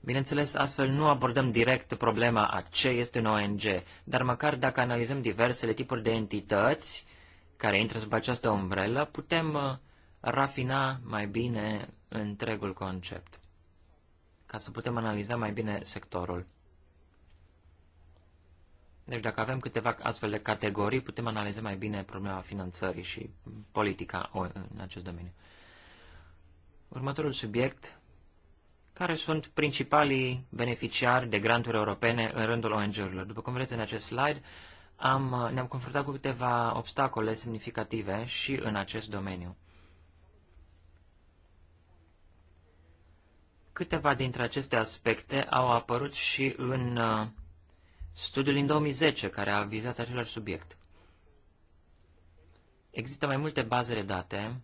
Bineînțeles, astfel nu abordăm direct problema a ce este un ONG, dar măcar dacă analizăm diversele tipuri de entități care intră sub această umbrelă, putem uh, rafina mai bine întregul concept ca să putem analiza mai bine sectorul. Deci dacă avem câteva astfel de categorii, putem analiza mai bine problema finanțării și politica în acest domeniu. Următorul subiect, care sunt principalii beneficiari de granturi europene în rândul ONG-urilor. După cum vedeți în acest slide, am, ne-am confruntat cu câteva obstacole semnificative și în acest domeniu. Câteva dintre aceste aspecte au apărut și în uh, studiul din 2010, care a vizat același subiect. Există mai multe baze de date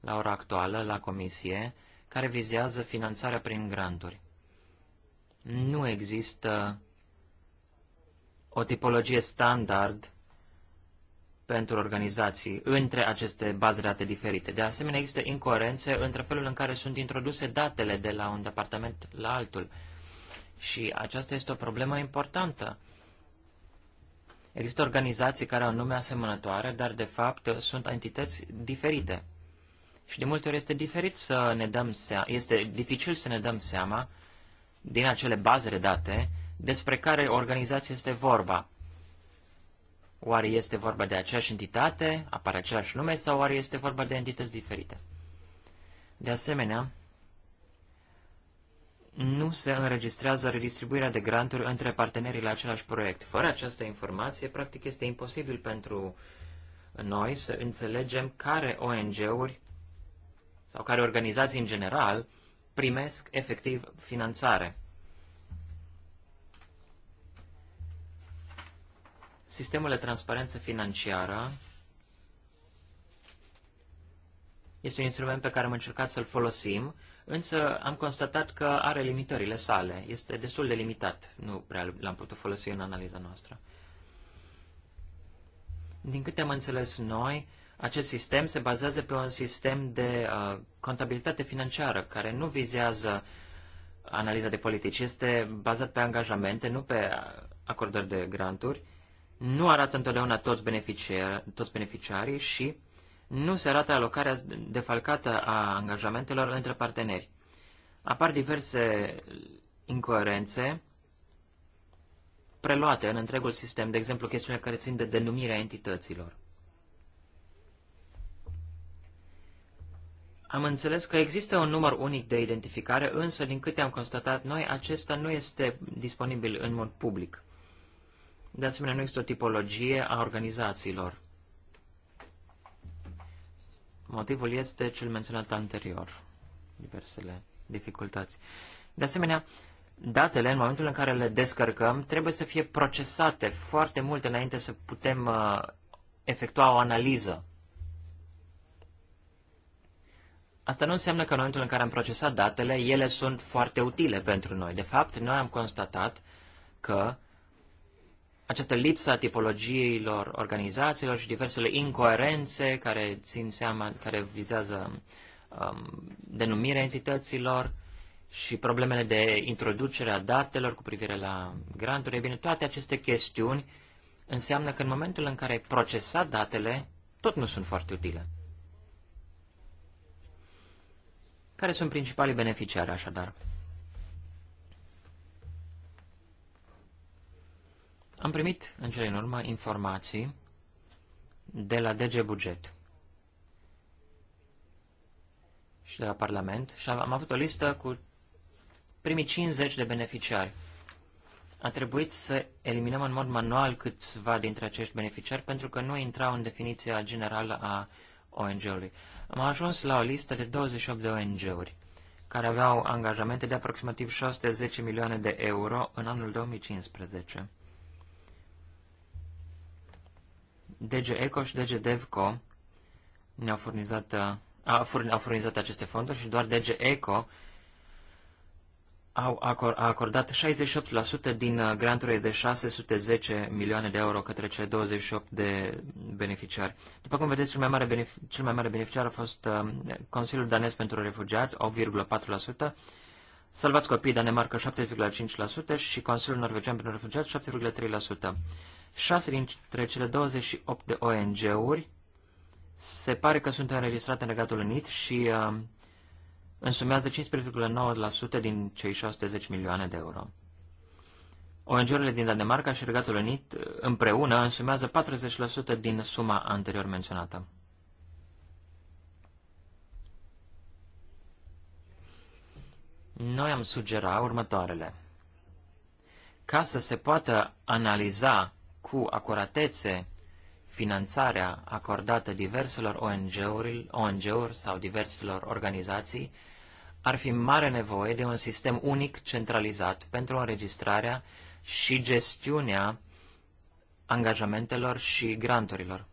la ora actuală, la comisie, care vizează finanțarea prin granturi. Nu există o tipologie standard pentru organizații între aceste baze de date diferite. De asemenea, există incoerențe între felul în care sunt introduse datele de la un departament la altul. Și aceasta este o problemă importantă. Există organizații care au nume asemănătoare, dar de fapt sunt entități diferite. Și de multe ori este diferit să ne dăm seama, este dificil să ne dăm seama din acele baze de date despre care organizație este vorba. Oare este vorba de aceeași entitate, apare același nume, sau oare este vorba de entități diferite? De asemenea, nu se înregistrează redistribuirea de granturi între partenerii la același proiect. Fără această informație, practic este imposibil pentru noi să înțelegem care ONG-uri sau care organizații în general primesc efectiv finanțare. Sistemul de transparență financiară este un instrument pe care am încercat să-l folosim, însă am constatat că are limitările sale. Este destul de limitat. Nu prea l-am putut folosi în analiza noastră. Din câte am înțeles noi, acest sistem se bazează pe un sistem de uh, contabilitate financiară care nu vizează analiza de politici. Este bazat pe angajamente, nu pe uh, acordări de granturi. Uh, nu arată întotdeauna toți, beneficiar, toți beneficiarii și nu se arată alocarea defalcată a angajamentelor între parteneri. Apar diverse incoerențe preluate în întregul sistem, de exemplu chestiunea care țin de denumirea entităților. Am înțeles că există un număr unic de identificare, însă, din câte am constatat noi, acesta nu este disponibil în mod public. De asemenea, nu există o tipologie a organizațiilor. Motivul este cel menționat anterior, diversele dificultăți. De asemenea, datele, în momentul în care le descărcăm, trebuie să fie procesate foarte mult înainte să putem uh, efectua o analiză. Asta nu înseamnă că în momentul în care am procesat datele, ele sunt foarte utile pentru noi. De fapt, noi am constatat că această lipsă a tipologiilor organizațiilor și diversele incoerențe care țin seama, care vizează um, denumirea entităților și problemele de introducere a datelor cu privire la granturi, e bine, toate aceste chestiuni înseamnă că în momentul în care ai procesat datele, tot nu sunt foarte utile. Care sunt principalii beneficiari, așadar? Am primit în cele în urmă informații de la DG Buget și de la Parlament și am, am avut o listă cu primii 50 de beneficiari. A trebuit să eliminăm în mod manual câțiva dintre acești beneficiari pentru că nu intrau în definiția generală a ONG-ului. Am ajuns la o listă de 28 de ONG-uri care aveau angajamente de aproximativ 610 milioane de euro în anul 2015. DG Eco și DG DevCo ne-au furnizat, uh, a, furn, au furnizat aceste fonduri și doar DG Eco au acor, a acordat 68% din uh, granturile de 610 milioane de euro către cele 28 de beneficiari. După cum vedeți, cel mai mare, benef, cel mai mare beneficiar a fost uh, Consiliul Danez pentru Refugiați, 8,4%, Salvați Copiii Danemarca 7,5% și Consiliul Norvegian pentru Refugiați 7,3%. 6 dintre cele 28 de ONG-uri se pare că sunt înregistrate în Regatul Unit și uh, însumează 15,9% din cei 610 milioane de euro. ONG-urile din Danemarca și Regatul Unit uh, împreună însumează 40% din suma anterior menționată. Noi am sugera următoarele. Ca să se poată analiza cu acuratețe finanțarea acordată diverselor ONG-uri ONG sau diverselor organizații, ar fi mare nevoie de un sistem unic centralizat pentru înregistrarea și gestiunea angajamentelor și granturilor.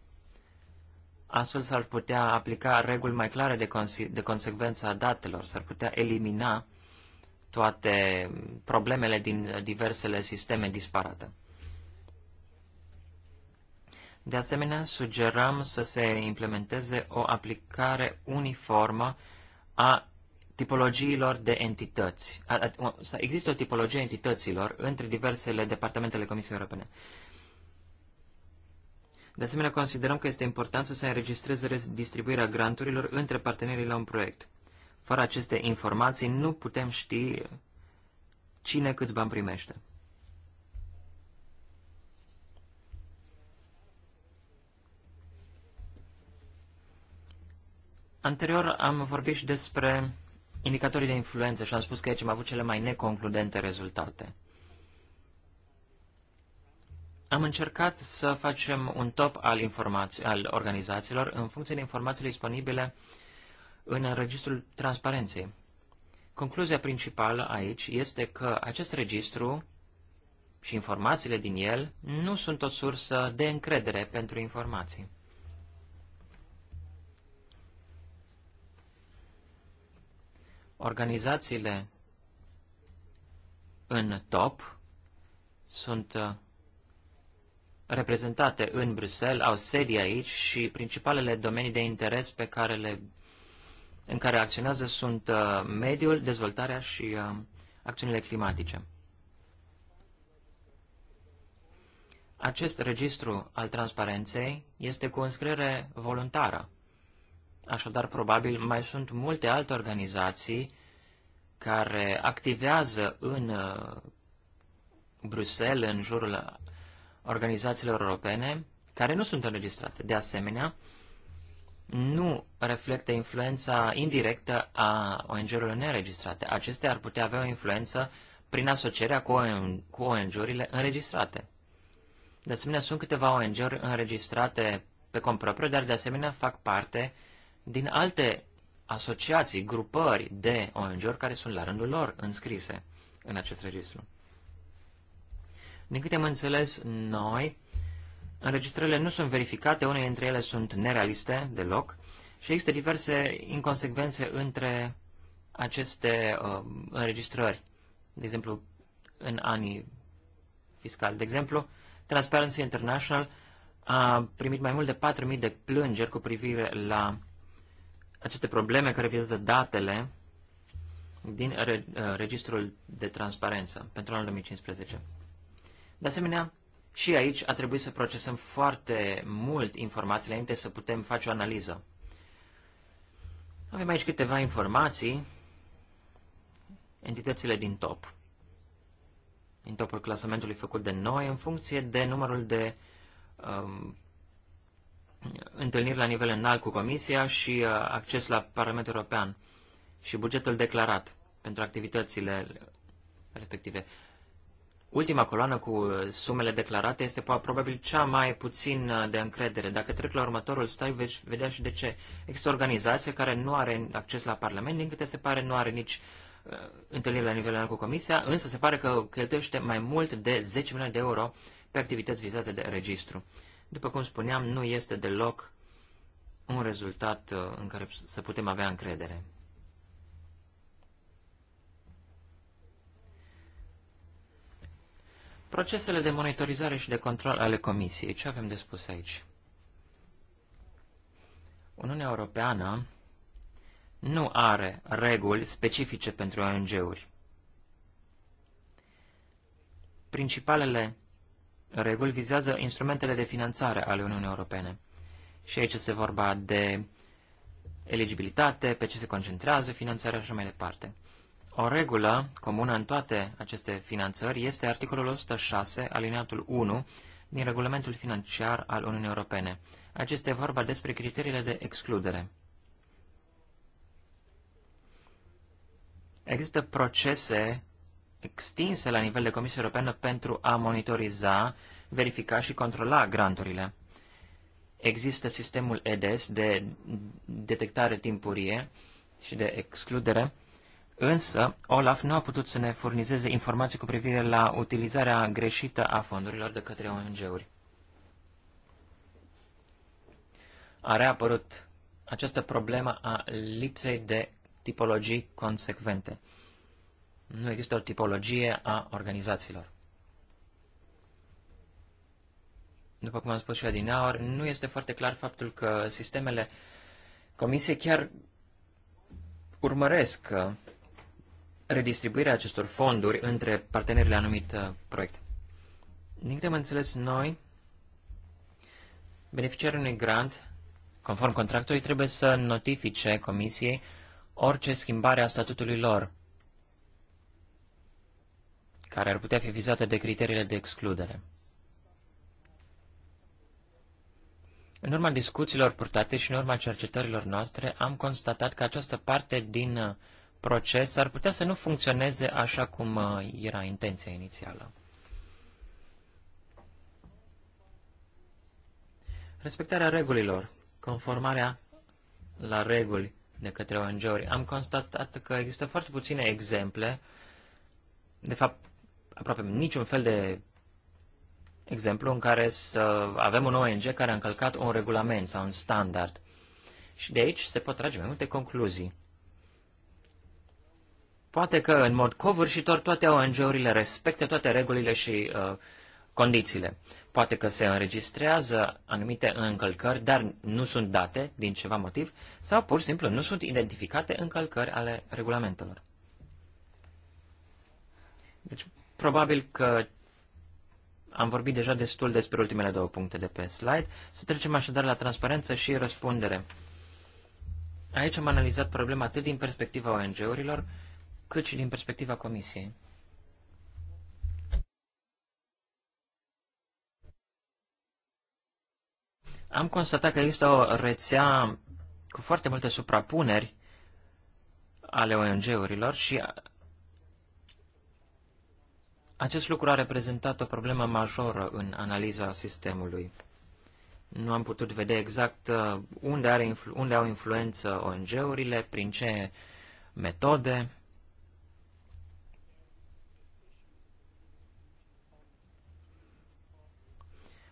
Astfel s-ar putea aplica reguli mai clare de, conse- de a datelor, s-ar putea elimina toate problemele din diversele sisteme disparate. De asemenea, sugerăm să se implementeze o aplicare uniformă a tipologiilor de entități. Există o tipologie entităților între diversele departamentele Comisiei Europene. De asemenea, considerăm că este important să se înregistreze distribuirea granturilor între partenerii la un proiect. Fără aceste informații, nu putem ști cine câți bani primește. Anterior am vorbit și despre indicatorii de influență și am spus că aici am avut cele mai neconcludente rezultate. Am încercat să facem un top al, al organizațiilor în funcție de informațiile disponibile în registrul transparenței. Concluzia principală aici este că acest registru și informațiile din el nu sunt o sursă de încredere pentru informații. Organizațiile în top sunt uh, reprezentate în Bruxelles, au sedii aici și principalele domenii de interes pe care le, în care acționează sunt uh, mediul, dezvoltarea și uh, acțiunile climatice. Acest registru al transparenței este cu înscriere voluntară. Așadar, probabil mai sunt multe alte organizații care activează în uh, Bruxelles, în jurul organizațiilor europene, care nu sunt înregistrate. De asemenea, nu reflectă influența indirectă a ONG-urilor neregistrate. Acestea ar putea avea o influență prin asocierea cu ONG-urile înregistrate. De asemenea, sunt câteva ONG-uri înregistrate pe cont propriu, dar de asemenea fac parte uh, din alte asociații, grupări de ONG-uri care sunt la rândul lor înscrise în acest registru. Din câte am înțeles noi, înregistrările nu sunt verificate, unele dintre ele sunt nerealiste deloc și există diverse inconsecvențe între aceste uh, înregistrări. De exemplu, în anii fiscali. De exemplu, Transparency International a primit mai mult de 4.000 de plângeri cu privire la aceste probleme care vizează datele din re, uh, registrul de transparență pentru anul 2015. De asemenea, și aici a trebuit să procesăm foarte mult informații înainte să putem face o analiză. Avem aici câteva informații, entitățile din top, În topul clasamentului făcut de noi în funcție de numărul de um, întâlniri la nivel înalt cu Comisia și uh, acces la Parlamentul European și bugetul declarat pentru activitățile respective. Ultima coloană cu sumele declarate este probabil cea mai puțin uh, de încredere. Dacă trec la următorul stai, veți vedea și de ce. Există o organizație care nu are acces la Parlament, din câte se pare nu are nici uh, întâlniri la nivel înalt cu Comisia, însă se pare că cheltuiește mai mult de 10 milioane de euro pe activități vizate de registru după cum spuneam, nu este deloc un rezultat uh, în care să putem avea încredere. Procesele de monitorizare și de control ale Comisiei. Ce avem de spus aici? Uniunea Europeană nu are reguli specifice pentru ONG-uri. Principalele reguli vizează instrumentele de finanțare ale Uniunii Europene. Și aici este vorba de eligibilitate, pe ce se concentrează finanțarea și mai departe. O regulă comună în toate aceste finanțări este articolul 106, alineatul 1, din regulamentul financiar al Uniunii Europene. Acesta este vorba despre criteriile de excludere. Există procese extinse la nivel de Comisie Europeană pentru a monitoriza, verifica și controla granturile. Există sistemul EDES de detectare timpurie și de excludere, însă OLAF nu a putut să ne furnizeze informații cu privire la utilizarea greșită a fondurilor de către ONG-uri. A reapărut această problemă a lipsei de tipologii consecvente nu există o tipologie a organizațiilor. După cum am spus și adineaur, nu este foarte clar faptul că sistemele comisiei chiar urmăresc uh, redistribuirea acestor fonduri între partenerii anumit uh, proiect. Din câte am înțeles noi, beneficiarul unui grant, conform contractului, trebuie să notifice comisiei orice schimbare a statutului lor care ar putea fi vizate de criteriile de excludere. În urma discuțiilor purtate și în urma cercetărilor noastre, am constatat că această parte din uh, proces ar putea să nu funcționeze așa cum uh, era intenția inițială. Respectarea regulilor, conformarea la reguli de către ONG-uri. Am constatat că există foarte puține exemple, de fapt aproape niciun fel de exemplu în care să avem un ONG care a încălcat un regulament sau un standard. Și de aici se pot trage mai multe concluzii. Poate că, în mod covârșitor, toate ONG-urile respectă toate regulile și uh, condițiile. Poate că se înregistrează anumite încălcări, dar nu sunt date din ceva motiv, sau pur și simplu nu sunt identificate încălcări ale regulamentelor. Deci Probabil că am vorbit deja destul despre ultimele două puncte de pe slide. Să trecem așadar la transparență și răspundere. Aici am analizat problema atât din perspectiva ONG-urilor, cât și din perspectiva Comisiei. Am constatat că există o rețea cu foarte multe suprapuneri ale ONG-urilor și acest lucru a reprezentat o problemă majoră în analiza sistemului. Nu am putut vedea exact uh, unde, are influ- unde au influență ONG-urile, prin ce metode.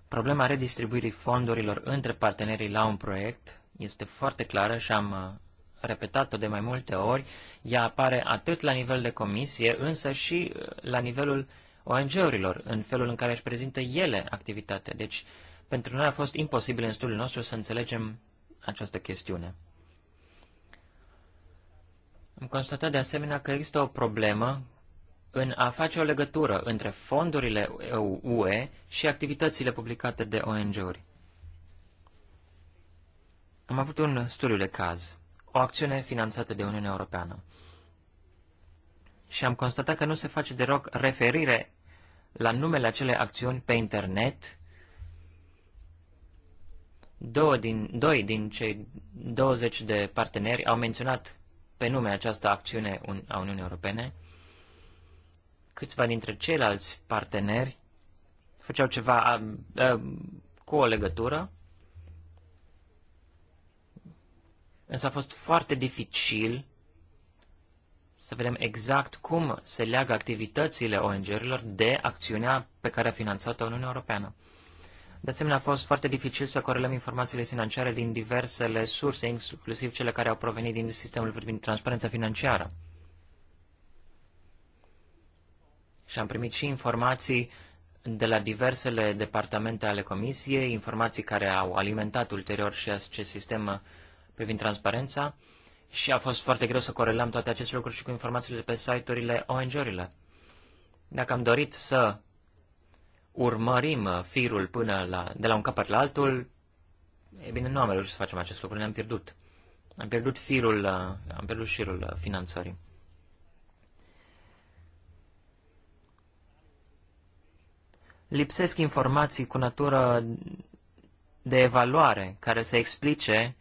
Problema redistribuirii fondurilor între partenerii la un proiect este foarte clară și am uh, repetată de mai multe ori, ea apare atât la nivel de comisie, însă și uh, la nivelul ONG-urilor, în felul în care își prezintă ele activitatea. Deci, pentru noi a fost imposibil în studiul nostru să înțelegem această chestiune. Am constatat de asemenea că există o problemă în a face o legătură între fondurile UE și activitățile publicate de ONG-uri. Am avut un studiu de caz o acțiune finanțată de Uniunea Europeană. Și am constatat că nu se face deloc referire la numele acelei acțiuni pe internet. Două din, doi din cei 20 de parteneri au menționat pe nume această acțiune a Uniunii Europene. Câțiva dintre ceilalți parteneri făceau ceva a, a, cu o legătură Însă a fost foarte dificil să vedem exact cum se leagă activitățile ONG-urilor de acțiunea pe care a finanțat-o Uniunea Europeană. De asemenea, a fost foarte dificil să corelăm informațiile financiare din diversele surse, inclusiv cele care au provenit din sistemul privind transparența financiară. Și am primit și informații de la diversele departamente ale Comisiei, informații care au alimentat ulterior și acest sistem privind transparența și a fost foarte greu să corelăm toate aceste lucruri și cu informațiile de pe site-urile ONG-urile. Dacă am dorit să urmărim uh, firul până la, de la un capăt la altul, e bine, nu am reușit să facem acest lucru, ne-am pierdut. Am pierdut firul, uh, am pierdut șirul uh, finanțării. Lipsesc informații cu natură de evaluare care să explice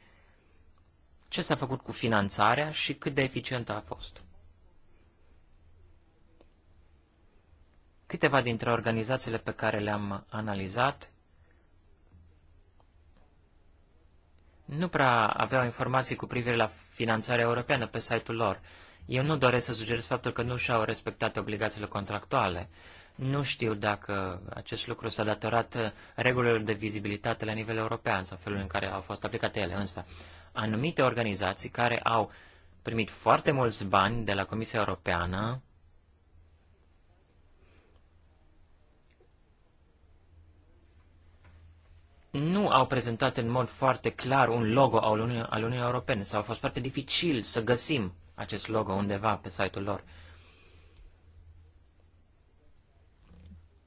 ce s-a făcut cu finanțarea și cât de eficientă a fost. Câteva dintre organizațiile pe care le-am analizat nu prea aveau informații cu privire la finanțarea europeană pe site-ul lor. Eu nu doresc să sugerez faptul că nu și-au respectat obligațiile contractuale. Nu știu dacă acest lucru s-a datorat regulilor de vizibilitate la nivel european sau felul în care au fost aplicate ele, însă anumite organizații care au primit foarte mulți bani de la Comisia Europeană nu au prezentat în mod foarte clar un logo al Uniunii, al Uniunii Europene sau a fost foarte dificil să găsim acest logo undeva pe site-ul lor.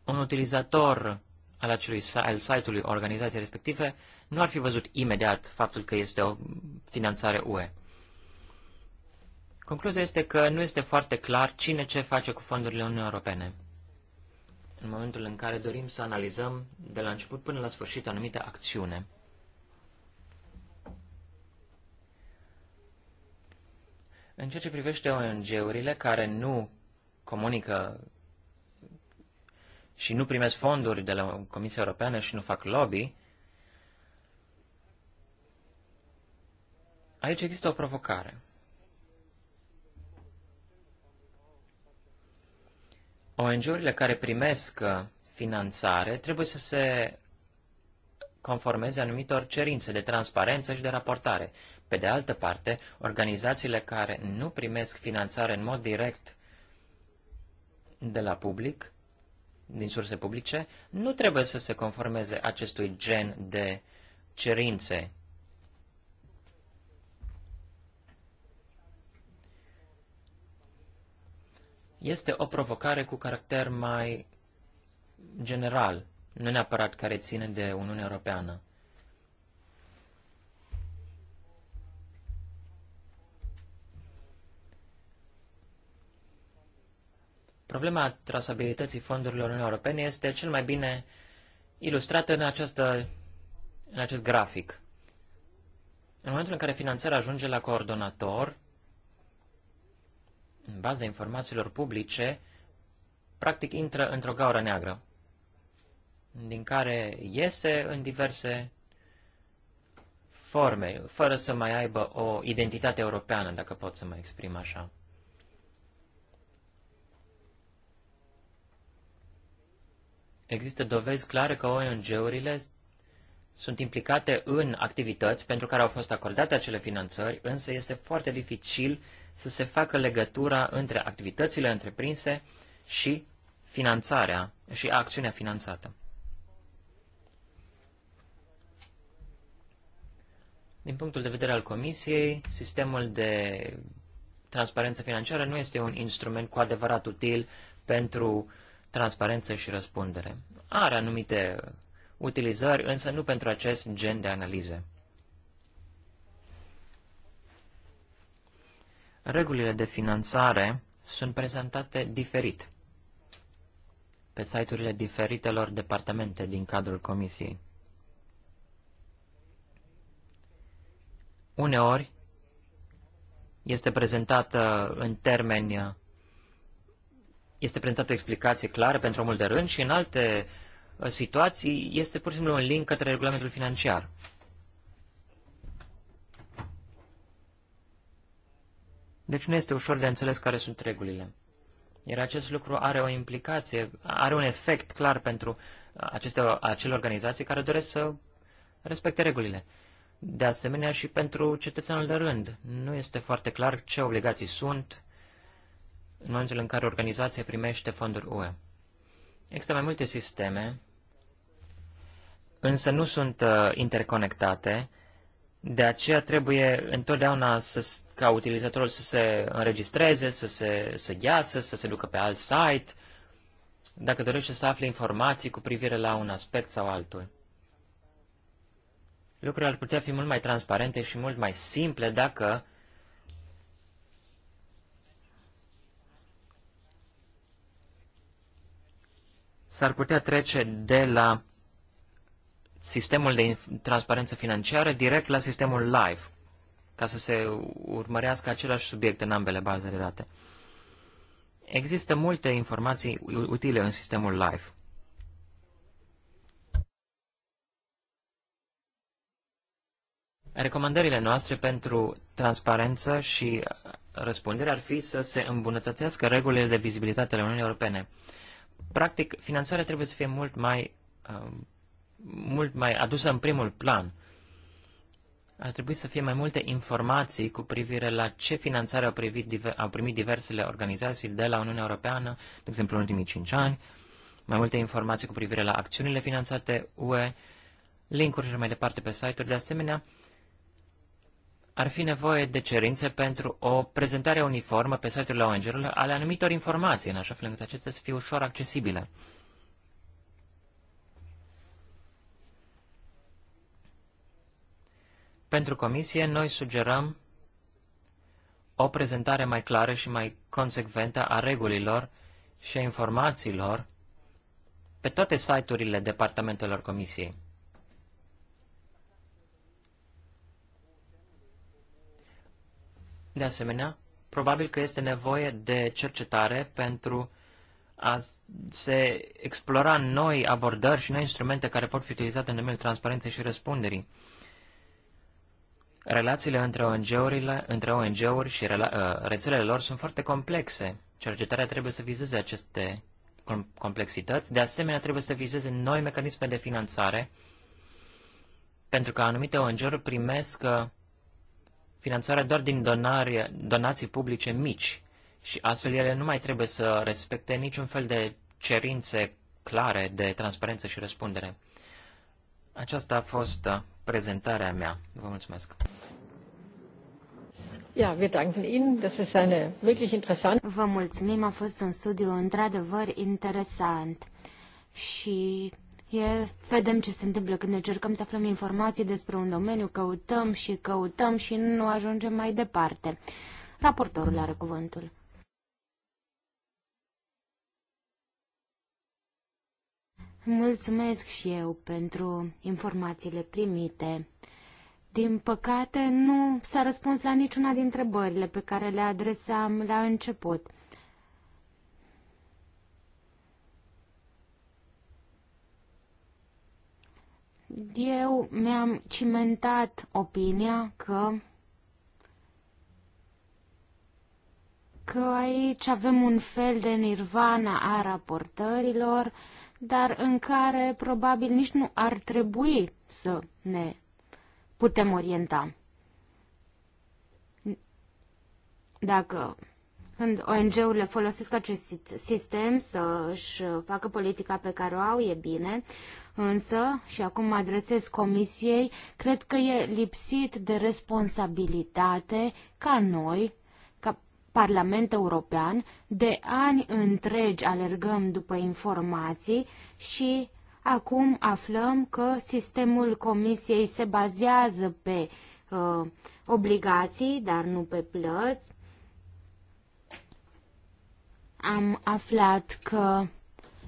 Un utilizator al, acelui, al site-ului organizației respective nu ar fi văzut imediat faptul că este o finanțare UE. Concluzia este că nu este foarte clar cine ce face cu fondurile Uniunii Europene. În momentul în care dorim să analizăm de la început până la sfârșit o anumită acțiune. În ceea ce privește ONG-urile care nu comunică și nu primesc fonduri de la Comisia Europeană și nu fac lobby, Aici există o provocare. ONG-urile care primesc finanțare trebuie să se conformeze anumitor cerințe de transparență și de raportare. Pe de altă parte, organizațiile care nu primesc finanțare în mod direct de la public, din surse publice, nu trebuie să se conformeze acestui gen de cerințe este o provocare cu caracter mai general, nu neapărat care ține de Uniunea Europeană. Problema trasabilității fondurilor Uniunii Europene este cel mai bine ilustrată în, această, în acest grafic. În momentul în care finanțarea ajunge la coordonator, în baza informațiilor publice, practic intră într-o gaură neagră, din care iese în diverse forme, fără să mai aibă o identitate europeană, dacă pot să mă exprim așa. Există dovezi clare că ONG-urile sunt implicate în activități pentru care au fost acordate acele finanțări, însă este foarte dificil să se facă legătura între activitățile întreprinse și finanțarea și acțiunea finanțată. Din punctul de vedere al Comisiei, sistemul de transparență financiară nu este un instrument cu adevărat util pentru transparență și răspundere. Are anumite utilizări, însă nu pentru acest gen de analize. Regulile de finanțare sunt prezentate diferit pe site-urile diferitelor departamente din cadrul comisiei. Uneori este prezentată în termeni, este prezentată o explicație clară pentru omul de rând și în alte situații este pur și simplu un link către regulamentul financiar. Deci nu este ușor de înțeles care sunt regulile. Iar acest lucru are o implicație, are un efect clar pentru aceste, acele organizații care doresc să respecte regulile. De asemenea și pentru cetățeanul de rând. Nu este foarte clar ce obligații sunt în momentul în care organizația primește fonduri UE. Există mai multe sisteme, însă nu sunt uh, interconectate, de aceea trebuie întotdeauna să, ca utilizatorul să se înregistreze, să, se, să iasă, să se ducă pe alt site, dacă dorește să afle informații cu privire la un aspect sau altul. Lucrurile ar putea fi mult mai transparente și mult mai simple dacă s-ar putea trece de la sistemul de transparență financiară direct la sistemul live, ca să se urmărească același subiect în ambele baze de date. Există multe informații utile în sistemul live. Recomandările noastre pentru transparență și răspundere ar fi să se îmbunătățească regulile de vizibilitate ale Uniunii Europene. Practic, finanțarea trebuie să fie mult mai, uh, mult mai adusă în primul plan. Ar trebui să fie mai multe informații cu privire la ce finanțare au, privit, au primit diversele organizații de la Uniunea Europeană, de exemplu în ultimii 5 ani, mai multe informații cu privire la acțiunile finanțate UE, linkuri și mai departe pe site-uri. De asemenea, ar fi nevoie de cerințe pentru o prezentare uniformă pe site-urile ONG-urilor ale anumitor informații, în așa fel încât acestea să fie ușor accesibile. Pentru comisie, noi sugerăm o prezentare mai clară și mai consecventă a regulilor și a informațiilor pe toate site-urile departamentelor comisiei. De asemenea, probabil că este nevoie de cercetare pentru a se explora noi abordări și noi instrumente care pot fi utilizate în domeniul transparenței și răspunderii. Relațiile între ong uri între ONG-uri și uh, rețelele lor sunt foarte complexe. Cercetarea trebuie să vizeze aceste complexități. De asemenea, trebuie să vizeze noi mecanisme de finanțare, pentru că anumite ONG-uri primesc uh, finanțarea doar din donare, donații publice mici și astfel ele nu mai trebuie să respecte niciun fel de cerințe clare de transparență și răspundere. Aceasta a fost uh, prezentarea mea. Vă mulțumesc. Ja, wir danken Ihnen. Das ist eine wirklich interessante. Vă mulțumim, a fost un studiu într-adevăr interesant. Și E, vedem ce se întâmplă când încercăm să aflăm informații despre un domeniu, căutăm și căutăm și nu ajungem mai departe. Raportorul are cuvântul. Mulțumesc și eu pentru informațiile primite. Din păcate, nu s-a răspuns la niciuna dintre întrebările pe care le adresam la început. Eu mi-am cimentat opinia că că aici avem un fel de nirvana a raportărilor, dar în care probabil nici nu ar trebui să ne putem orienta. Dacă când ONG-urile folosesc acest sistem să își facă politica pe care o au, e bine, însă, și acum mă adresez comisiei, cred că e lipsit de responsabilitate ca noi, ca Parlament European, de ani întregi alergăm după informații și acum aflăm că sistemul comisiei se bazează pe uh, obligații, dar nu pe plăți, am aflat că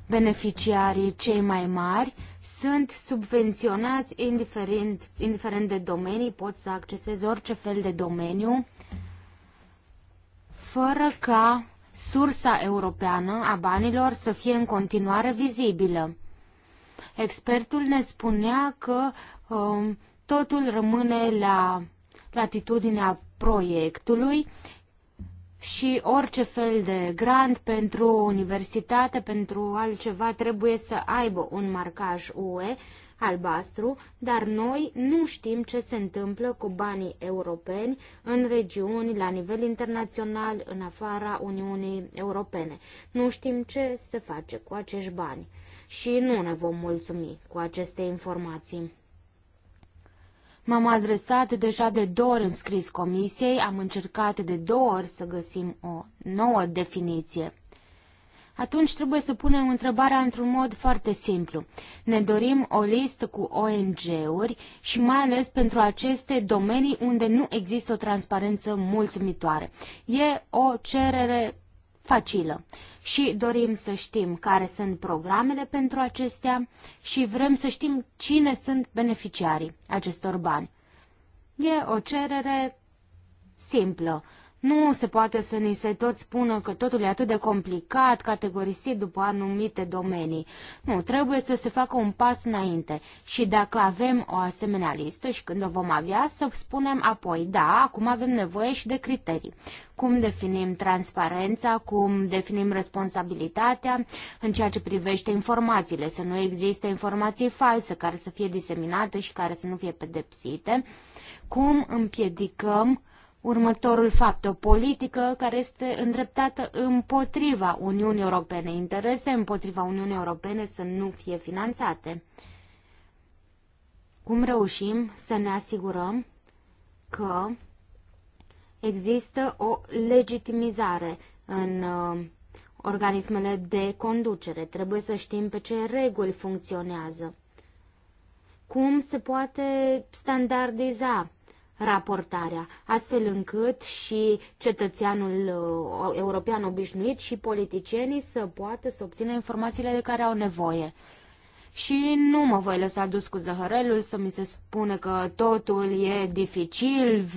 beneficiarii cei mai mari sunt subvenționați indiferent, indiferent de domenii, pot să acceseze orice fel de domeniu, fără ca sursa europeană a banilor să fie în continuare vizibilă. Expertul ne spunea că um, totul rămâne la latitudinea proiectului și orice fel de grant pentru universitate, pentru altceva, trebuie să aibă un marcaj UE albastru, dar noi nu știm ce se întâmplă cu banii europeni în regiuni, la nivel internațional, în afara Uniunii Europene. Nu știm ce se face cu acești bani și nu ne vom mulțumi cu aceste informații. M-am adresat deja de două ori în scris comisiei, am încercat de două ori să găsim o nouă definiție. Atunci trebuie să punem întrebarea într-un mod foarte simplu. Ne dorim o listă cu ONG-uri și mai ales pentru aceste domenii unde nu există o transparență mulțumitoare. E o cerere facilă și dorim să știm care sunt programele pentru acestea și vrem să știm cine sunt beneficiarii acestor bani. E o cerere simplă. Nu se poate să ni se tot spună că totul e atât de complicat, categorisit după anumite domenii. Nu, trebuie să se facă un pas înainte și dacă avem o asemenea listă și când o vom avea, să spunem apoi, da, acum avem nevoie și de criterii. Cum definim transparența, cum definim responsabilitatea în ceea ce privește informațiile, să nu existe informații false care să fie diseminate și care să nu fie pedepsite. Cum împiedicăm uh, următorul fapt, o politică care este îndreptată împotriva Uniunii Europene, interese împotriva Uniunii Europene să nu fie finanțate. Cum reușim să ne asigurăm că există o legitimizare în uh, organismele de conducere? Trebuie să știm pe ce reguli funcționează. Cum se poate standardiza raportarea, astfel încât și cetățeanul uh, european obișnuit și politicienii să poată să obțină informațiile de care au nevoie. Și nu mă voi lăsa dus cu zăhărelul să mi se spune că totul e dificil,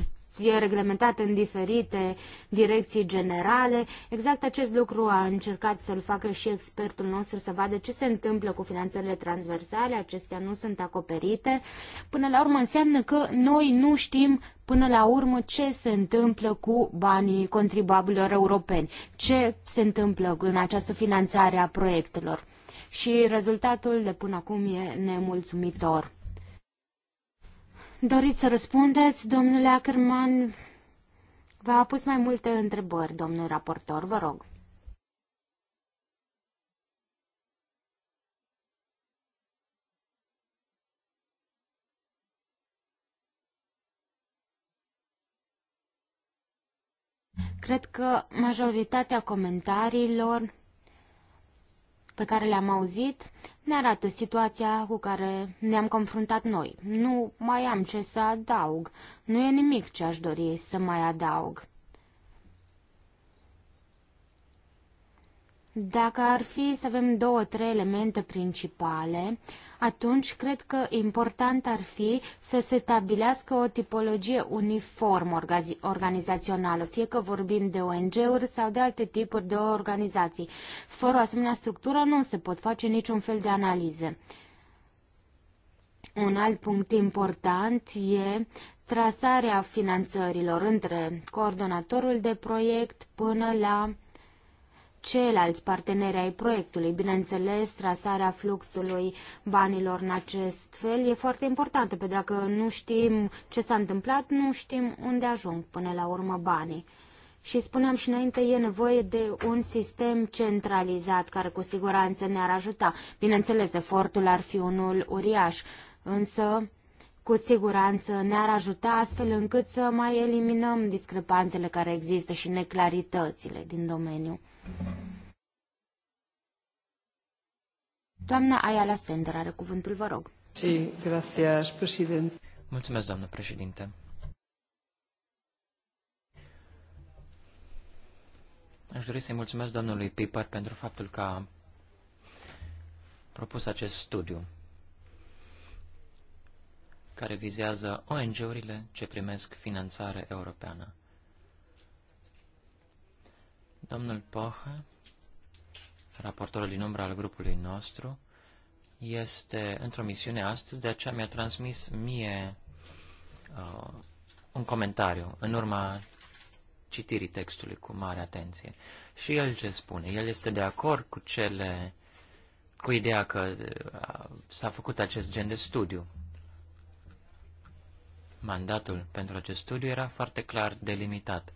e reglementată în diferite direcții generale. Exact acest lucru a încercat să-l facă și expertul nostru, să vadă ce se întâmplă cu finanțările transversale, acestea nu sunt acoperite. Până la urmă înseamnă că noi nu știm până la urmă ce se întâmplă cu banii contribuabililor europeni, ce se întâmplă în această finanțare a proiectelor. Și rezultatul de până acum e nemulțumitor. Doriți să răspundeți, domnule Ackerman? V-a pus mai multe întrebări, domnul raportor, vă rog. Cred că majoritatea comentariilor pe care le-am auzit ne arată situația cu care ne-am confruntat noi. Nu mai am ce să adaug. Nu e nimic ce aș dori să mai adaug. Dacă ar fi să avem două, trei elemente principale, uh, atunci cred că important ar fi să se stabilească o tipologie uniformă organizațională, fie că vorbim de ONG-uri sau de alte tipuri de organizații. Fără o asemenea structură nu se pot face niciun fel de analize. Un alt punct important e trasarea finanțărilor între coordonatorul de proiect până la ceilalți parteneri ai proiectului. Bineînțeles, trasarea fluxului banilor în acest fel e foarte importantă, pentru că nu știm ce s-a întâmplat, nu știm unde ajung până la urmă banii. Și spuneam și înainte, e nevoie de un sistem centralizat care cu siguranță ne-ar ajuta. Bineînțeles, efortul ar fi unul uriaș, însă cu siguranță ne-ar ajuta astfel încât să mai eliminăm discrepanțele care există și neclaritățile din domeniu. Doamna Ayala Sender are cuvântul, vă rog. Sí, gracias, president. Mulțumesc, doamnă președinte. Aș dori să-i mulțumesc domnului Piper pentru faptul că a propus acest studiu care vizează ONG-urile ce primesc finanțare europeană. Domnul Pohă, raportorul din umbră al grupului nostru, este într-o misiune astăzi, de aceea mi-a transmis mie uh, un comentariu în urma citirii textului cu mare atenție. Și el ce spune? El este de acord cu cele, cu ideea că uh, s-a făcut acest gen de studiu Mandatul pentru acest studiu era foarte clar delimitat.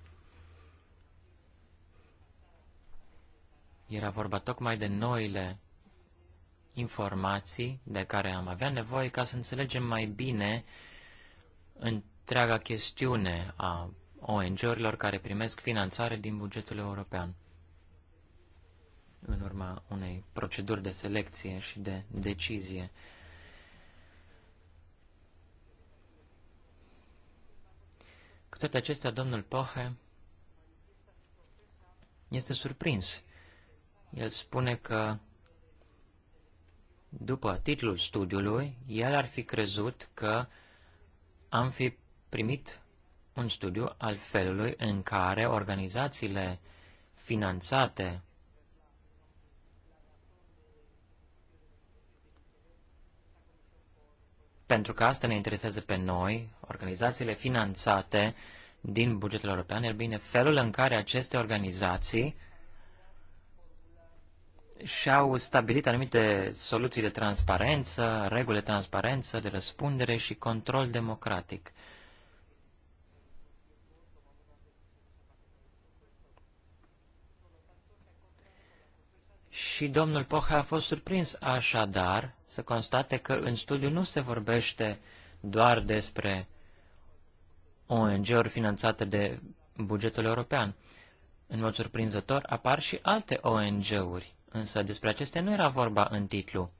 Era vorba tocmai de noile informații de care am avea nevoie ca să înțelegem mai bine întreaga chestiune a ONG-urilor care primesc finanțare din bugetul european în urma unei proceduri de selecție și de decizie. toate acestea, domnul Pohe este surprins. El spune că, după titlul studiului, el ar fi crezut că am fi primit un studiu al felului în care organizațiile finanțate pentru că asta ne interesează pe noi, organizațiile finanțate din bugetul european, e bine, felul în care aceste organizații și-au stabilit anumite soluții de transparență, reguli de transparență, de răspundere și control democratic. Și domnul Poha a fost surprins așadar să constate că în studiu nu se vorbește doar despre ONG-uri finanțate de bugetul european. În mod surprinzător apar și alte ONG-uri, însă despre acestea nu era vorba în titlu.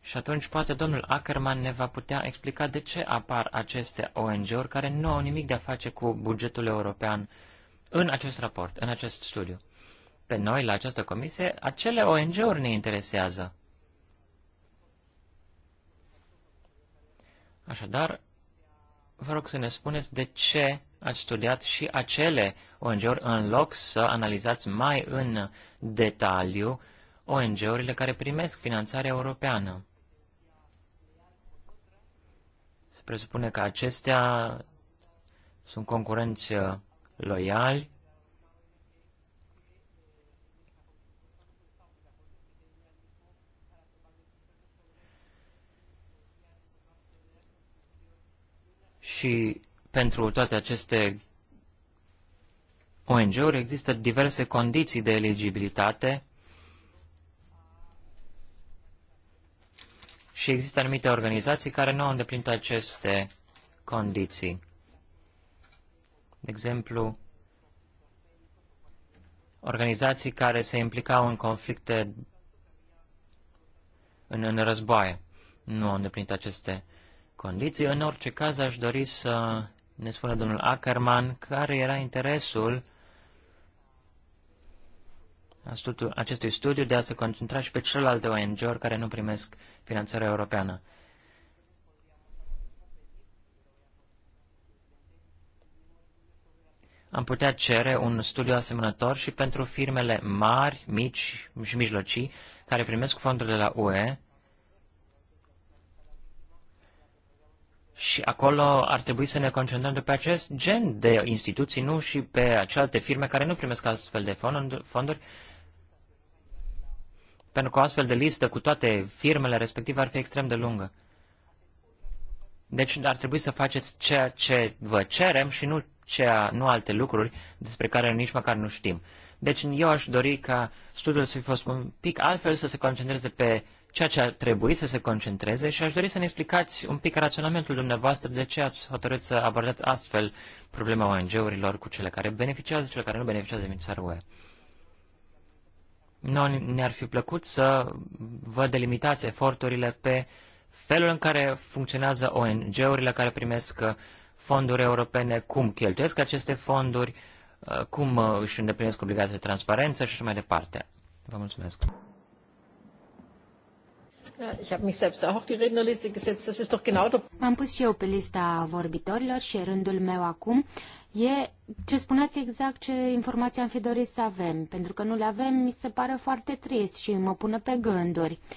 Și atunci poate domnul Ackerman ne va putea explica de ce apar aceste ONG-uri care nu au nimic de a face cu bugetul european în acest raport, în acest studiu pe noi la această comisie, acele ONG-uri ne interesează. Așadar, vă rog să ne spuneți de ce ați studiat și acele ONG-uri în loc să analizați mai în detaliu ONG-urile care primesc finanțare europeană. Se presupune că acestea sunt concurenți loiali Și pentru toate aceste ONG-uri există diverse condiții de eligibilitate și există anumite organizații care nu au îndeplinit aceste condiții. De exemplu, organizații care se implicau în conflicte, în, în războaie, nu au îndeplinit aceste condiții. În orice caz, aș dori să ne spună domnul Ackerman care era interesul acestui studiu de a se concentra și pe celelalte ONG-uri care nu primesc finanțare europeană. Am putea cere un studiu asemănător și pentru firmele mari, mici și mijlocii care primesc fonduri de la UE Și acolo ar trebui să ne concentrăm pe acest gen de instituții, nu și pe celelalte firme care nu primesc astfel de fonduri, pentru că o astfel de listă cu toate firmele respective ar fi extrem de lungă. Deci ar trebui să faceți ceea ce vă cerem și nu, ceea, nu alte lucruri despre care nici măcar nu știm. Deci eu aș dori ca studiul să fi fost un pic altfel, să se concentreze pe ceea ce ar trebui să se concentreze și aș dori să ne explicați un pic raționamentul dumneavoastră de ce ați hotărât să abordați astfel problema ONG-urilor cu cele care beneficiază și cele care nu beneficiază din țară UE. Noi ne-ar fi plăcut să vă delimitați eforturile pe felul în care funcționează ONG-urile care primesc fonduri europene, cum cheltuiesc aceste fonduri, cum își îndeplinesc obligațiile de transparență și așa mai departe. Vă mulțumesc. M-am pus și eu pe lista vorbitorilor și rândul meu acum e ce spuneați exact ce informații am fi dorit să avem, pentru că nu le avem mi se pare foarte trist și mă pună pe gânduri. Uh,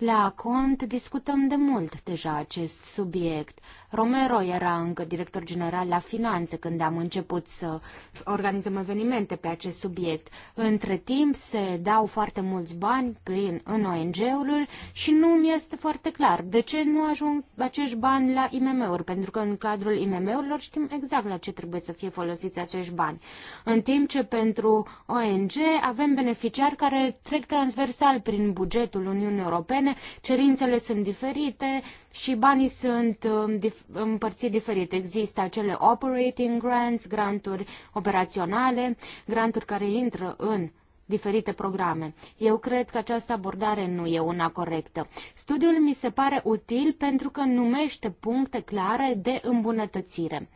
la cont discutăm de mult deja acest subiect. Romero era încă director general la finanțe când am început să organizăm evenimente pe acest subiect. Între timp se dau foarte mulți bani prin, în ong ul și nu mi este foarte clar de ce nu ajung acești bani la IMM-uri, pentru că în cadrul IMM-urilor știm exact la ce trebuie să fie folosiți acești bani. În timp ce pentru ONG avem beneficiari care trec transversal prin bugetul Uniunii Europene Europene, cerințele sunt diferite și banii sunt um, împărțiți diferit. Există acele operating grants, granturi operaționale, granturi care intră în diferite programe. Eu cred că această abordare nu e una corectă. Studiul mi se pare util pentru că numește puncte clare de îmbunătățire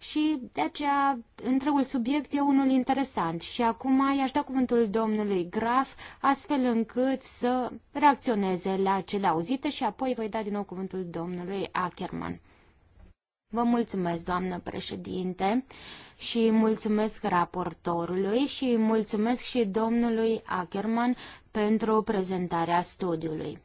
și de aceea întregul subiect e unul interesant și acum i-aș da cuvântul domnului Graf astfel încât să reacționeze la cele auzite și apoi voi da din nou cuvântul domnului Ackerman. Vă mulțumesc, doamnă președinte, și mulțumesc raportorului și mulțumesc și domnului Ackerman pentru prezentarea studiului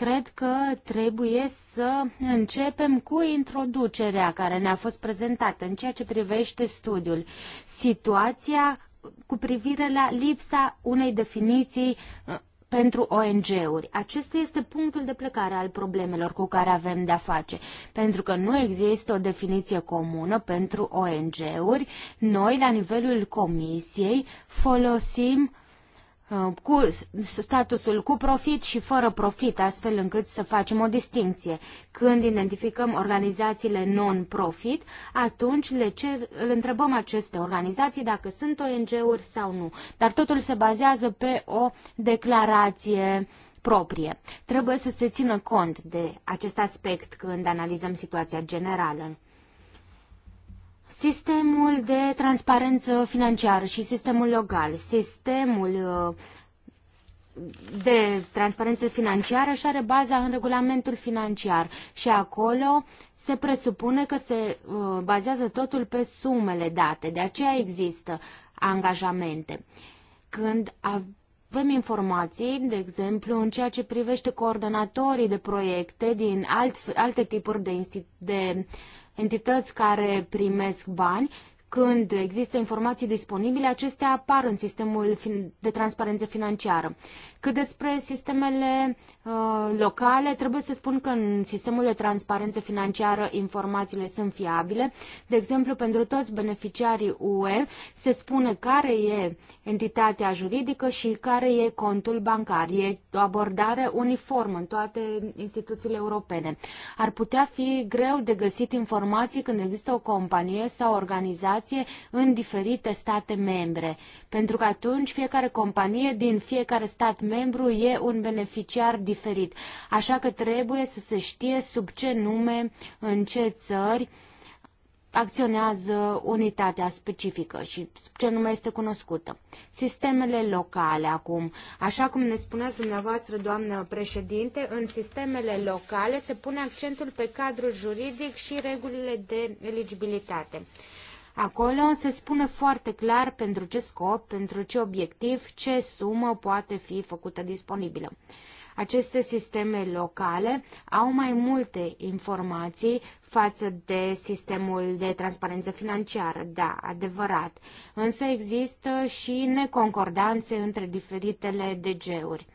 cred că trebuie să începem cu introducerea care ne-a fost prezentată în ceea ce privește studiul. Situația cu privire la lipsa unei definiții uh, pentru ONG-uri. Acesta este punctul de plecare al problemelor cu care avem de-a face. Pentru că nu există o definiție comună pentru ONG-uri, noi, la nivelul comisiei, folosim Uh, cu statusul cu profit și fără profit, astfel încât să facem o distinție. Când identificăm organizațiile non-profit, atunci le cer, îl întrebăm aceste organizații dacă sunt ONG-uri sau nu. Dar totul se bazează pe o declarație proprie. Trebuie să se țină cont de acest aspect când analizăm situația generală. Sistemul de transparență financiară și sistemul legal, sistemul uh, de transparență financiară și are baza în regulamentul financiar și acolo se presupune că se uh, bazează totul pe sumele date, de aceea există angajamente. Când avem informații, de exemplu, în ceea ce privește coordonatorii de proiecte din alt, alte tipuri de, instituții entități care primesc bani când există informații disponibile, acestea apar în sistemul de transparență financiară. Cât despre sistemele uh, locale, trebuie să spun că în sistemul de transparență financiară informațiile sunt fiabile. De exemplu, pentru toți beneficiarii UE se spune care e entitatea juridică și care e contul bancar. E o abordare uniformă în toate instituțiile europene. Ar putea fi greu de găsit informații când există o companie sau organizație situație în diferite state membre, pentru că atunci fiecare companie din fiecare stat membru e un beneficiar diferit. Așa că trebuie să se știe sub ce nume, în ce țări acționează unitatea specifică și ce nume este cunoscută. Sistemele locale acum. Așa cum ne spuneați dumneavoastră, doamnă președinte, în sistemele locale se pune accentul pe cadrul juridic și regulile de eligibilitate. Acolo se spune foarte clar pentru ce scop, pentru ce obiectiv, ce sumă poate fi făcută disponibilă. Aceste sisteme locale au mai multe informații față de sistemul de transparență financiară, da, adevărat, însă există și neconcordanțe între diferitele DG-uri.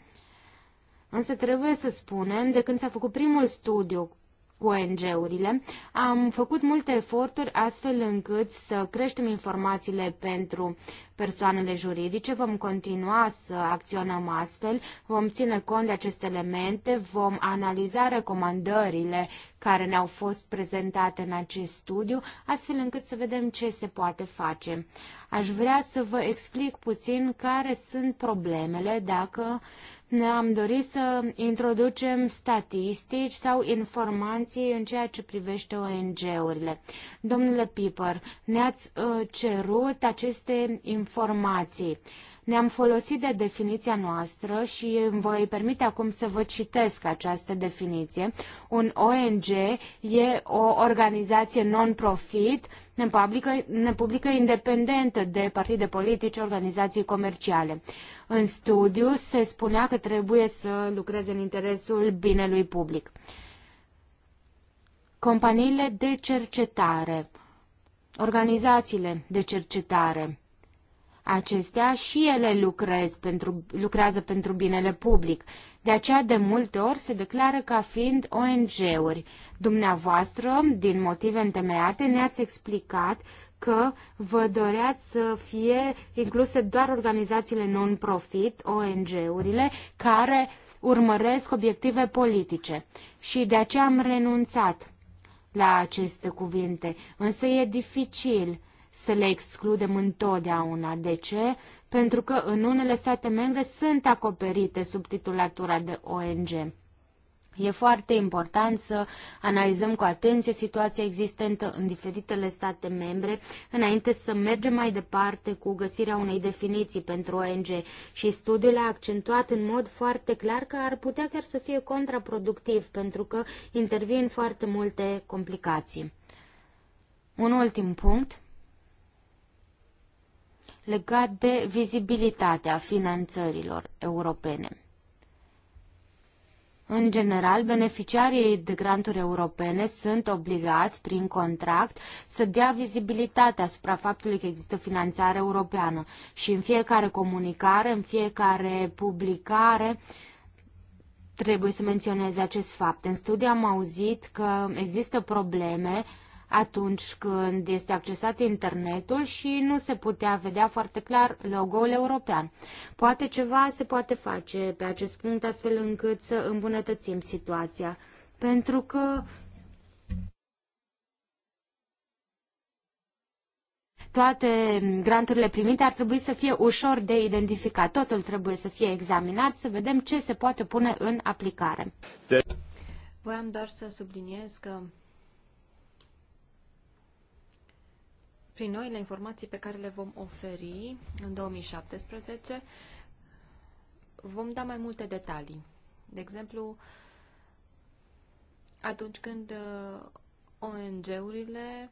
Însă trebuie să spunem, de când s-a făcut primul studiu cu ONG-urile. Am făcut multe eforturi astfel încât să creștem informațiile pentru persoanele juridice. Vom continua să acționăm astfel, vom ține cont de aceste elemente, vom analiza recomandările care ne-au fost prezentate în acest studiu, astfel încât să vedem ce se poate face. Aș vrea să vă explic puțin care sunt problemele dacă uh, ne-am dorit să introducem statistici sau informații în ceea ce privește ONG-urile. Domnule Piper, ne-ați uh, cerut aceste informații. Ne-am folosit de definiția noastră și îmi voi permite acum să vă citesc această definiție. Un ONG e o organizație non-profit, nepublică, nepublică independentă de partide politice, organizații comerciale. În studiu se spunea că trebuie să lucreze în interesul binelui public. Companiile de cercetare, organizațiile de cercetare, acestea și ele lucrez pentru, lucrează pentru binele public. De aceea, de multe ori, se declară ca fiind ONG-uri. Dumneavoastră, din motive întemeiate, ne-ați explicat că vă doreați să fie incluse doar organizațiile non-profit, ONG-urile, care urmăresc obiective politice. Și de aceea am renunțat la aceste cuvinte. Însă e dificil să le excludem întotdeauna. De ce? Pentru că în unele state membre sunt acoperite sub titulatura de ONG. E foarte important să analizăm cu atenție situația existentă în diferitele state membre înainte să mergem mai departe cu găsirea unei definiții pentru ONG și studiul a accentuat în mod foarte clar că ar putea chiar să fie contraproductiv pentru că intervin foarte multe complicații. Un ultim punct legat de vizibilitatea finanțărilor europene. În general, beneficiarii de granturi europene sunt obligați prin contract să dea vizibilitate asupra faptului că există finanțare europeană și în fiecare comunicare, în fiecare publicare, trebuie să menționeze acest fapt. În studiu am auzit că există probleme uh, atunci când este accesat internetul și nu se putea vedea foarte clar logo-ul european. Poate ceva se poate face pe acest punct astfel încât să îmbunătățim situația, pentru că toate granturile primite ar trebui să fie ușor de identificat. Totul trebuie să fie examinat, să vedem ce se poate pune în aplicare. De- Voiam doar să subliniez că prin noile informații pe care le vom oferi în 2017, vom da mai multe detalii. De exemplu, atunci când uh, ONG-urile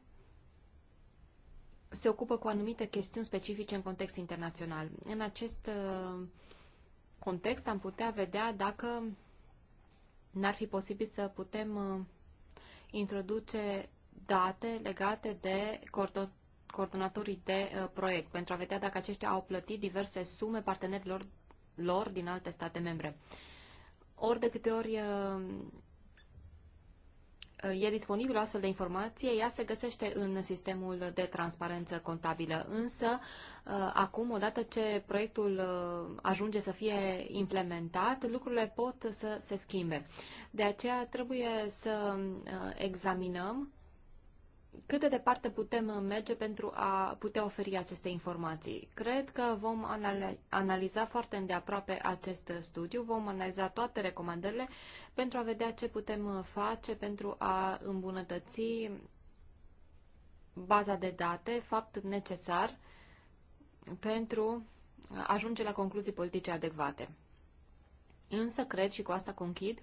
se ocupă cu anumite chestiuni specifice în context internațional. În acest uh, context am putea vedea dacă n-ar fi posibil să putem uh, introduce date legate de coordonare coordonatorii de uh, proiect pentru a vedea dacă aceștia au plătit diverse sume partenerilor lor din alte state membre. Ori de câte ori uh, e disponibilă astfel de informație, ea se găsește în sistemul de transparență contabilă. Însă, uh, acum, odată ce proiectul uh, ajunge să fie implementat, lucrurile pot să se schimbe. De aceea trebuie să examinăm cât de departe putem merge pentru a putea oferi aceste informații. Cred că vom analiza foarte îndeaproape acest studiu, vom analiza toate recomandările pentru a vedea ce putem face pentru a îmbunătăți baza de date, fapt necesar pentru a ajunge la concluzii politice adecvate. Însă cred și cu asta conchid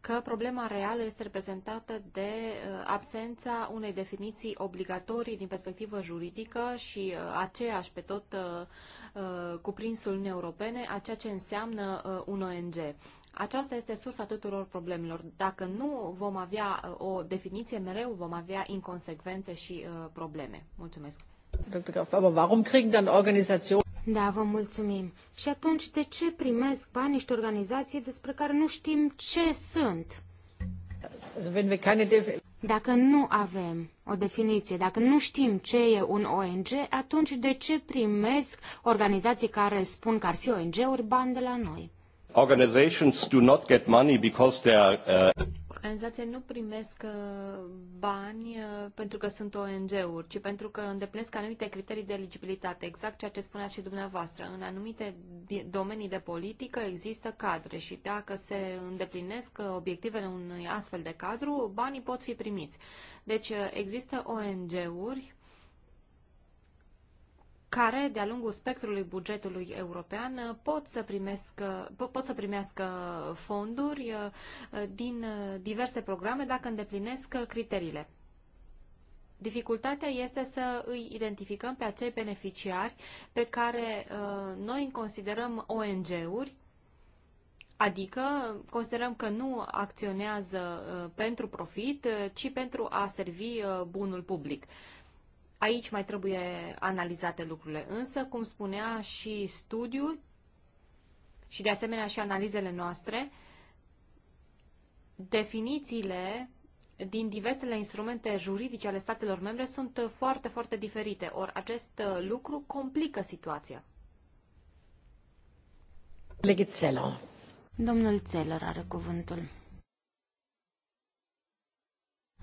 că problema reală este reprezentată de uh, absența unei definiții obligatorii din perspectivă juridică și uh, aceeași pe tot uh, cuprinsul Uniunii Europene a ceea ce înseamnă un ONG. Aceasta este sursa tuturor problemelor. Dacă nu vom avea o definiție, mereu vom avea inconsecvențe și probleme. Mulțumesc. Dr. Graf, aber warum kriegen dann Organisationen da, vă mulțumim. Și atunci, de ce primesc bani niște organizații despre care nu știm ce sunt? Dacă nu avem o definiție, dacă nu știm ce e un ONG, atunci de ce primesc organizații care spun că ar fi ONG-uri bani de la noi? Organizations do not get money because they are, uh organizație nu primesc uh, bani uh, pentru că sunt ONG-uri, ci pentru că îndeplinesc anumite criterii de eligibilitate, exact ceea ce spuneați și dumneavoastră. În anumite domenii de politică există cadre și dacă se îndeplinesc uh, obiectivele unui astfel de cadru, banii pot fi primiți. Deci există ONG-uri care, de-a lungul spectrului bugetului european, pot să, primesc, pot să primească fonduri uh, din uh, diverse programe dacă îndeplinesc criteriile. Dificultatea este să îi identificăm pe acei beneficiari pe care uh, noi îi considerăm ONG-uri, Adică considerăm că nu acționează pentru profit, ci pentru a servi bunul public. Aici mai trebuie analizate lucrurile. Însă, cum spunea și studiul și de asemenea și analizele noastre, definițiile din diversele instrumente juridice ale statelor membre sunt foarte, foarte diferite. Ori acest lucru complică situația. Legit Domnul Țeller are cuvântul.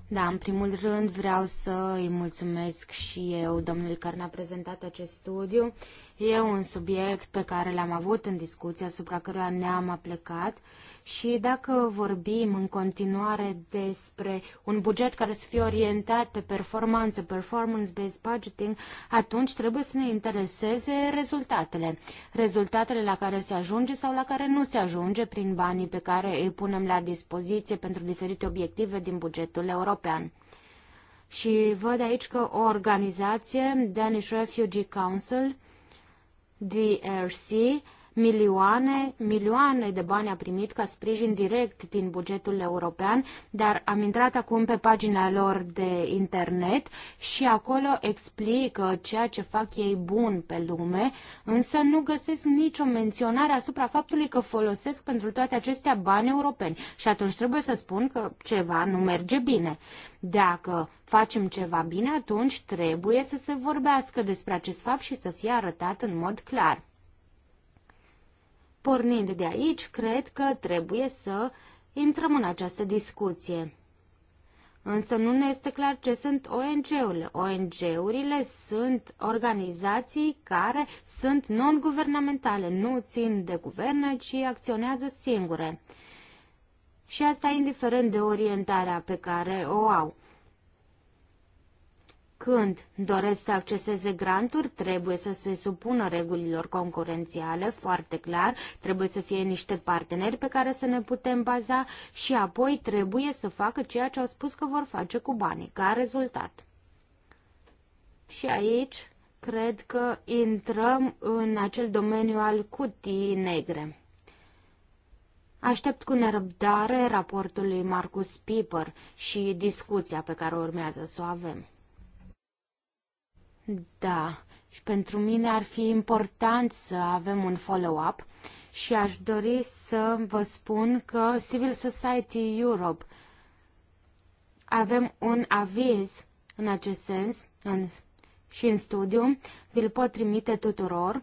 Da, în primul rând vreau să îi mulțumesc și eu domnului care ne-a prezentat acest studiu. E un subiect pe care l-am avut în discuția asupra căruia ne-am aplecat și dacă vorbim în continuare despre un buget care să fie orientat pe performanță, performance-based budgeting, atunci trebuie să ne intereseze rezultatele. Rezultatele la care se ajunge sau la care nu se ajunge prin banii pe care îi punem la dispoziție pentru diferite obiective din bugetul european. Și văd aici că o organizație, Danish Refugee Council, DRC Milioane, milioane de bani a primit ca sprijin direct din bugetul european, dar am intrat acum pe pagina lor de internet și acolo explică ceea ce fac ei bun pe lume, însă nu găsesc nicio menționare asupra faptului că folosesc pentru toate acestea bani europeni. Și atunci trebuie să spun că ceva nu merge bine. Dacă facem ceva bine, atunci trebuie să se vorbească despre acest fapt și să fie arătat în mod clar. Pornind de aici, cred că trebuie să intrăm în această discuție. Însă nu ne este clar ce sunt ONG-urile. ONG-urile sunt organizații care sunt non-guvernamentale, nu țin de guvernă, ci acționează singure. Și asta indiferent de orientarea pe care o au. Când doresc să acceseze granturi, trebuie să se supună regulilor concurențiale, foarte clar, trebuie să fie niște parteneri pe care să ne putem baza și apoi trebuie să facă ceea ce au spus că vor face cu banii, ca rezultat. Și aici cred că intrăm în acel domeniu al cutii negre. Aștept cu nerăbdare raportul lui Marcus Piper și discuția pe care urmează să o avem. Da, și pentru mine ar fi important să avem un follow-up și aș dori să vă spun că Civil Society Europe avem un aviz în acest sens în, și în studiu, vi-l pot trimite tuturor,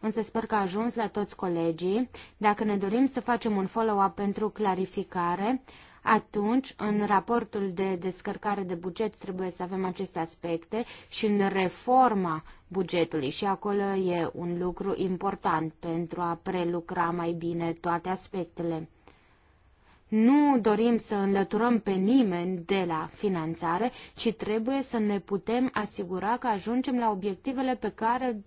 însă sper că a ajuns la toți colegii. Dacă ne dorim să facem un follow-up pentru clarificare, uh, atunci în raportul de descărcare de buget trebuie să avem aceste aspecte și în reforma bugetului și acolo e un lucru important pentru a prelucra mai bine toate aspectele. Nu dorim să înlăturăm pe nimeni de la finanțare, ci trebuie să ne putem asigura că ajungem la obiectivele pe care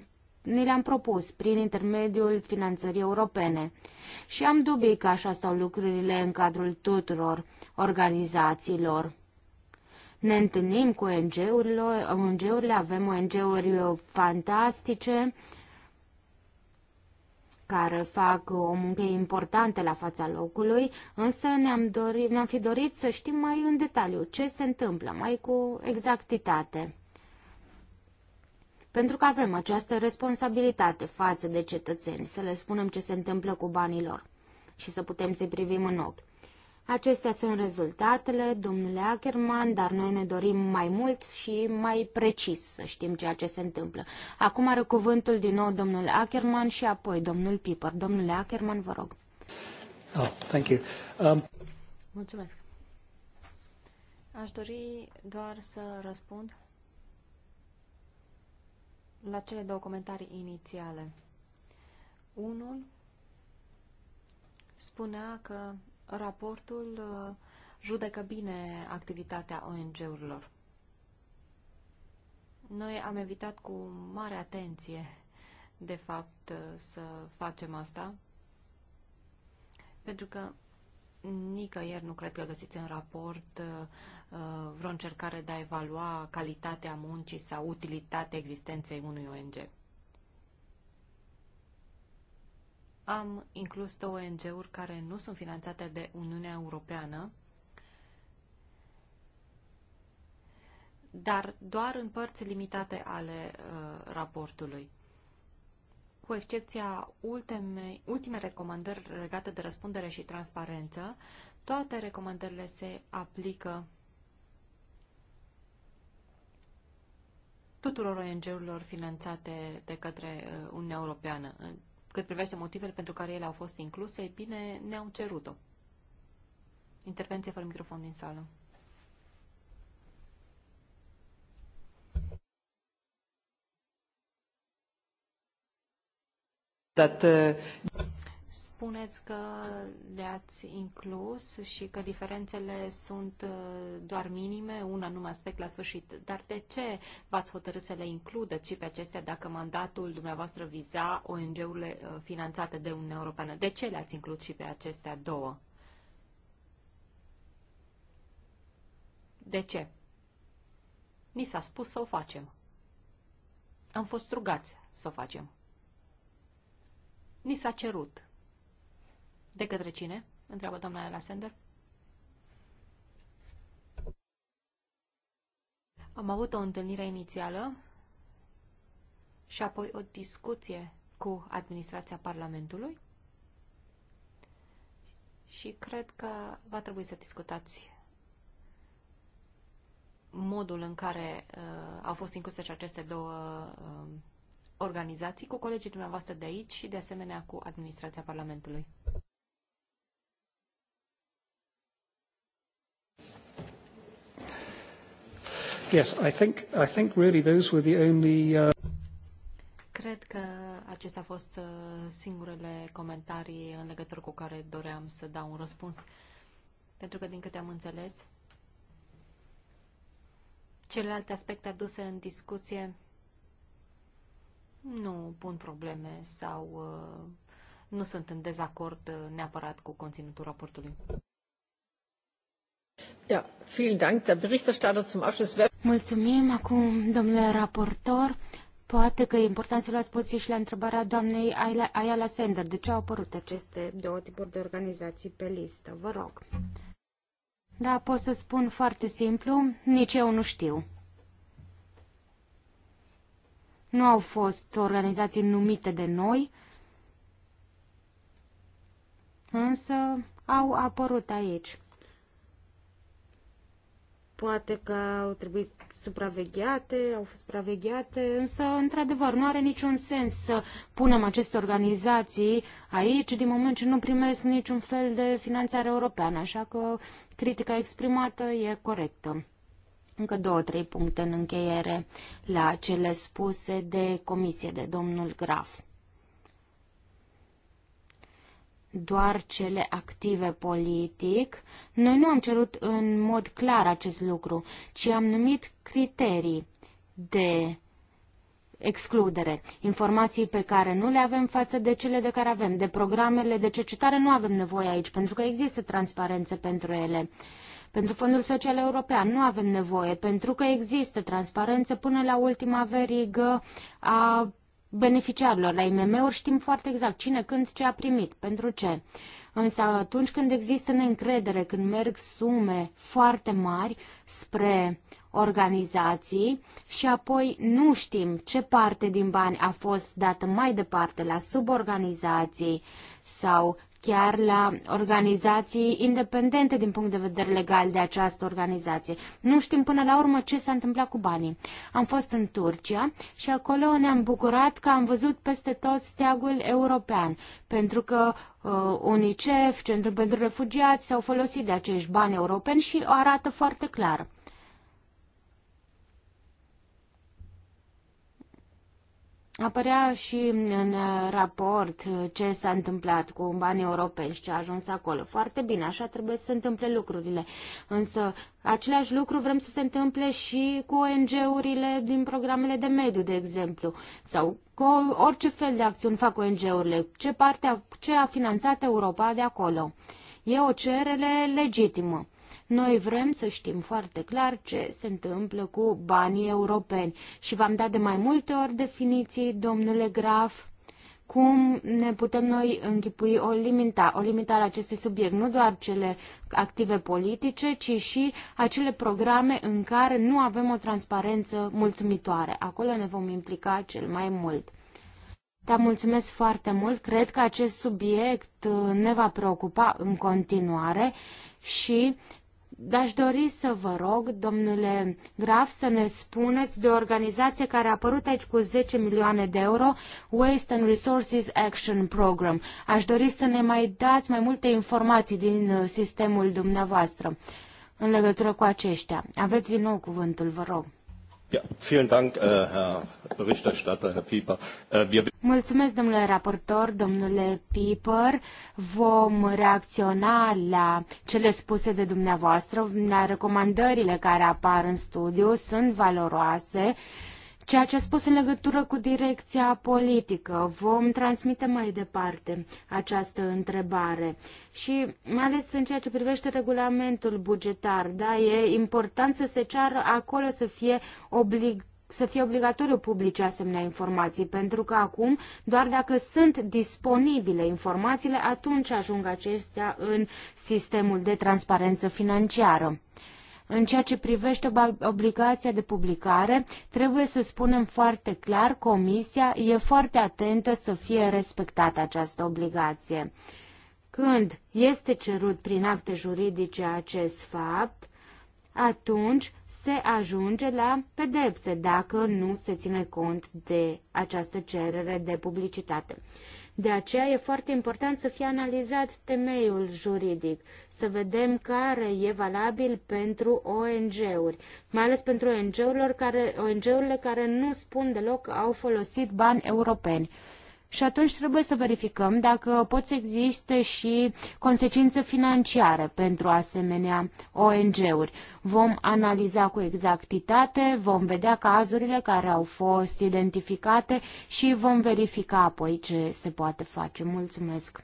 ni le-am propus prin intermediul finanțării europene. Și am dubii că așa stau lucrurile în cadrul tuturor organizațiilor. Ne întâlnim cu ONG-urile, avem ONG-uri fantastice care fac o muncă importantă la fața locului, însă ne-am, dori, ne-am fi dorit să știm mai în detaliu ce se întâmplă, mai cu exactitate. Pentru că avem această responsabilitate față de cetățeni, să le spunem ce se întâmplă cu banii lor și să putem să-i privim în ochi. Acestea sunt rezultatele, domnule Ackerman, dar noi ne dorim mai mult și mai precis să știm ceea ce se întâmplă. Acum are cuvântul din nou domnul Ackerman și apoi domnul Piper. Domnule Ackerman, vă rog. Oh, thank you. Um... Mulțumesc. Aș dori doar să răspund la cele două comentarii inițiale. Unul spunea că raportul uh, judecă bine activitatea ONG-urilor. Noi am evitat cu mare atenție, de fapt, uh, să facem asta, pentru că nicăieri nu cred că găsiți în raport uh, uh, vreo încercare de a evalua calitatea muncii sau utilitatea existenței unui ONG. Am inclus două ONG-uri care nu sunt finanțate de Uniunea Europeană, dar doar în părți limitate ale uh, raportului cu excepția ultimei ultime recomandări legate de răspundere și transparență, toate recomandările se aplică tuturor ONG-urilor finanțate de către uh, Uniunea Europeană. Cât privește motivele pentru care ele au fost incluse, bine, ne-au cerut-o. Intervenție fără microfon din sală. Uh, Spuneți că le-ați inclus și că diferențele sunt uh, doar minime, un anume aspect la sfârșit. Dar de ce v-ați hotărât să le includeți și pe acestea dacă mandatul dumneavoastră viza ONG-urile uh, finanțate de Uniunea Europeană? De ce le-ați inclus și pe acestea două? De ce? Ni s-a spus să o facem. Am fost rugați să o facem. Ni s-a cerut. De către cine? Întreabă doamna Sender. Am avut o întâlnire inițială și apoi o discuție cu administrația Parlamentului și cred că va trebui să discutați modul în care uh, au fost incluse și aceste două uh, organizații, cu colegii dumneavoastră de aici și de asemenea cu administrația Parlamentului. Yes, I think, I think really those were the only, uh... Cred că acestea au fost uh, singurele comentarii în legătură cu care doream să dau un răspuns. Pentru că, din câte am înțeles, celelalte aspecte aduse în discuție nu pun probleme sau uh, nu sunt în dezacord uh, neapărat cu conținutul raportului. Ja, vielen Dank. Der Berichterstatter zum Abschluss. Mulțumim. Acum, domnule raportor, poate că e important să luați poziție și la întrebarea doamnei Ayala Sender. De ce au apărut aceste două tipuri de organizații pe listă? Vă rog. Da, pot să spun foarte simplu, nici eu nu știu. Nu au fost organizații numite de noi, însă au apărut aici. Poate că au trebuit supravegheate, au fost supravegheate, însă, într-adevăr, nu are niciun sens să punem aceste organizații aici din moment ce nu primesc niciun fel de finanțare europeană, așa că critica exprimată e corectă. Încă două, trei puncte în încheiere la cele spuse de comisie de domnul Graf. doar cele active politic. Noi nu am cerut în mod clar acest lucru, ci am numit criterii de excludere, informații pe care nu le avem față de cele de care avem, de programele de cercetare nu avem nevoie aici, pentru că există transparență pentru ele. Pentru Fondul Social European nu avem nevoie, pentru că există transparență până la ultima verigă a beneficiarilor. La IMM-uri știm foarte exact cine, când, ce a primit, pentru ce. Însă atunci când există neîncredere, când merg sume foarte mari spre organizații și apoi nu știm ce parte din bani a fost dată mai departe la suborganizații sau chiar la organizații independente din punct de vedere legal de această organizație. Nu știm până la urmă ce s-a întâmplat cu banii. Am fost în Turcia și acolo ne-am bucurat că am văzut peste tot steagul european, pentru că uh, UNICEF, Centrul pentru Refugiați, s-au folosit de acești bani europeni și o arată foarte clar. Apărea și în raport ce s-a întâmplat cu banii europeni și ce a ajuns acolo. Foarte bine, așa trebuie să se întâmple lucrurile. Însă, același lucru vrem să se întâmple și cu ONG-urile din programele de mediu, de exemplu, sau cu orice fel de acțiuni fac ONG-urile, ce parte a, ce a finanțat Europa de acolo. E o cerere legitimă. Noi vrem să știm foarte clar ce se întâmplă cu banii europeni și v-am dat de mai multe ori definiții, domnule Graf cum ne putem noi închipui o limita, o limitare a acestui subiect, nu doar cele active politice, ci și acele programe în care nu avem o transparență mulțumitoare. Acolo ne vom implica cel mai mult. am da, mulțumesc foarte mult. Cred că acest subiect uh, ne va preocupa în continuare și Aș dori să vă rog, domnule Graf, să ne spuneți de o organizație care a apărut aici cu 10 milioane de euro, Waste and Resources Action Program. Aș dori să ne mai dați mai multe informații din uh, sistemul dumneavoastră în legătură cu aceștia. Aveți din nou cuvântul, vă rog. Ja, vielen Dank, äh, Herr Berichterstatter, Herr Pieper. Äh, wir... Mulțumesc, domnule raportor, domnule Piper. Vom reacționa la cele spuse de dumneavoastră, la recomandările care apar în studiu, sunt valoroase. Uh, Ceea ce a spus în legătură cu direcția politică, vom transmite mai departe această întrebare. Și mai ales în ceea ce privește regulamentul bugetar, da, e important să se ceară acolo să fie obligat să fie obligatoriu publice asemenea informații, pentru că acum, doar dacă sunt disponibile informațiile, atunci ajung acestea în sistemul de transparență financiară. În ceea ce privește obligația de publicare, trebuie să spunem foarte clar, Comisia e foarte atentă să fie respectată această obligație. Când este cerut prin acte juridice acest fapt, atunci se ajunge la pedepse dacă nu se ține cont de această cerere de publicitate. De aceea e foarte important să fie analizat temeiul juridic, să vedem care e valabil pentru ONG-uri, mai ales pentru ONG-urile care, ONG care nu spun deloc că au folosit bani europeni. Și atunci trebuie să verificăm dacă pot să existe și consecințe financiare pentru asemenea ONG-uri. Vom analiza cu exactitate, vom vedea cazurile care au fost identificate și vom verifica apoi ce se poate face. Mulțumesc!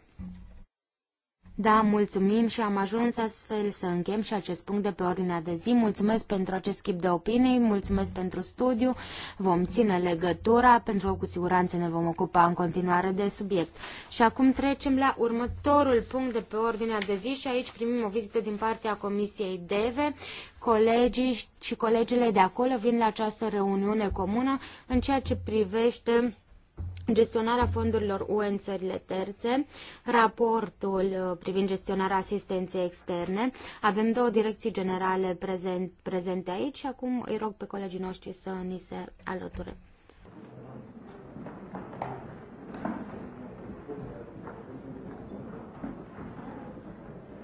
Da, mulțumim și am ajuns astfel să închem și acest punct de pe ordinea de zi. Mulțumesc pentru acest schimb de opinii, mulțumesc pentru studiu, vom ține legătura pentru că cu siguranță ne vom ocupa în continuare de subiect. Și acum trecem la următorul punct de pe ordinea de zi și aici primim o vizită din partea Comisiei DEVE. Colegii și colegele de acolo vin la această reuniune comună în ceea ce privește gestionarea fondurilor UE în țările terțe, raportul uh, privind gestionarea asistenței externe. Avem două direcții generale prezent, prezente aici și acum îi rog pe colegii noștri să ni se alăture.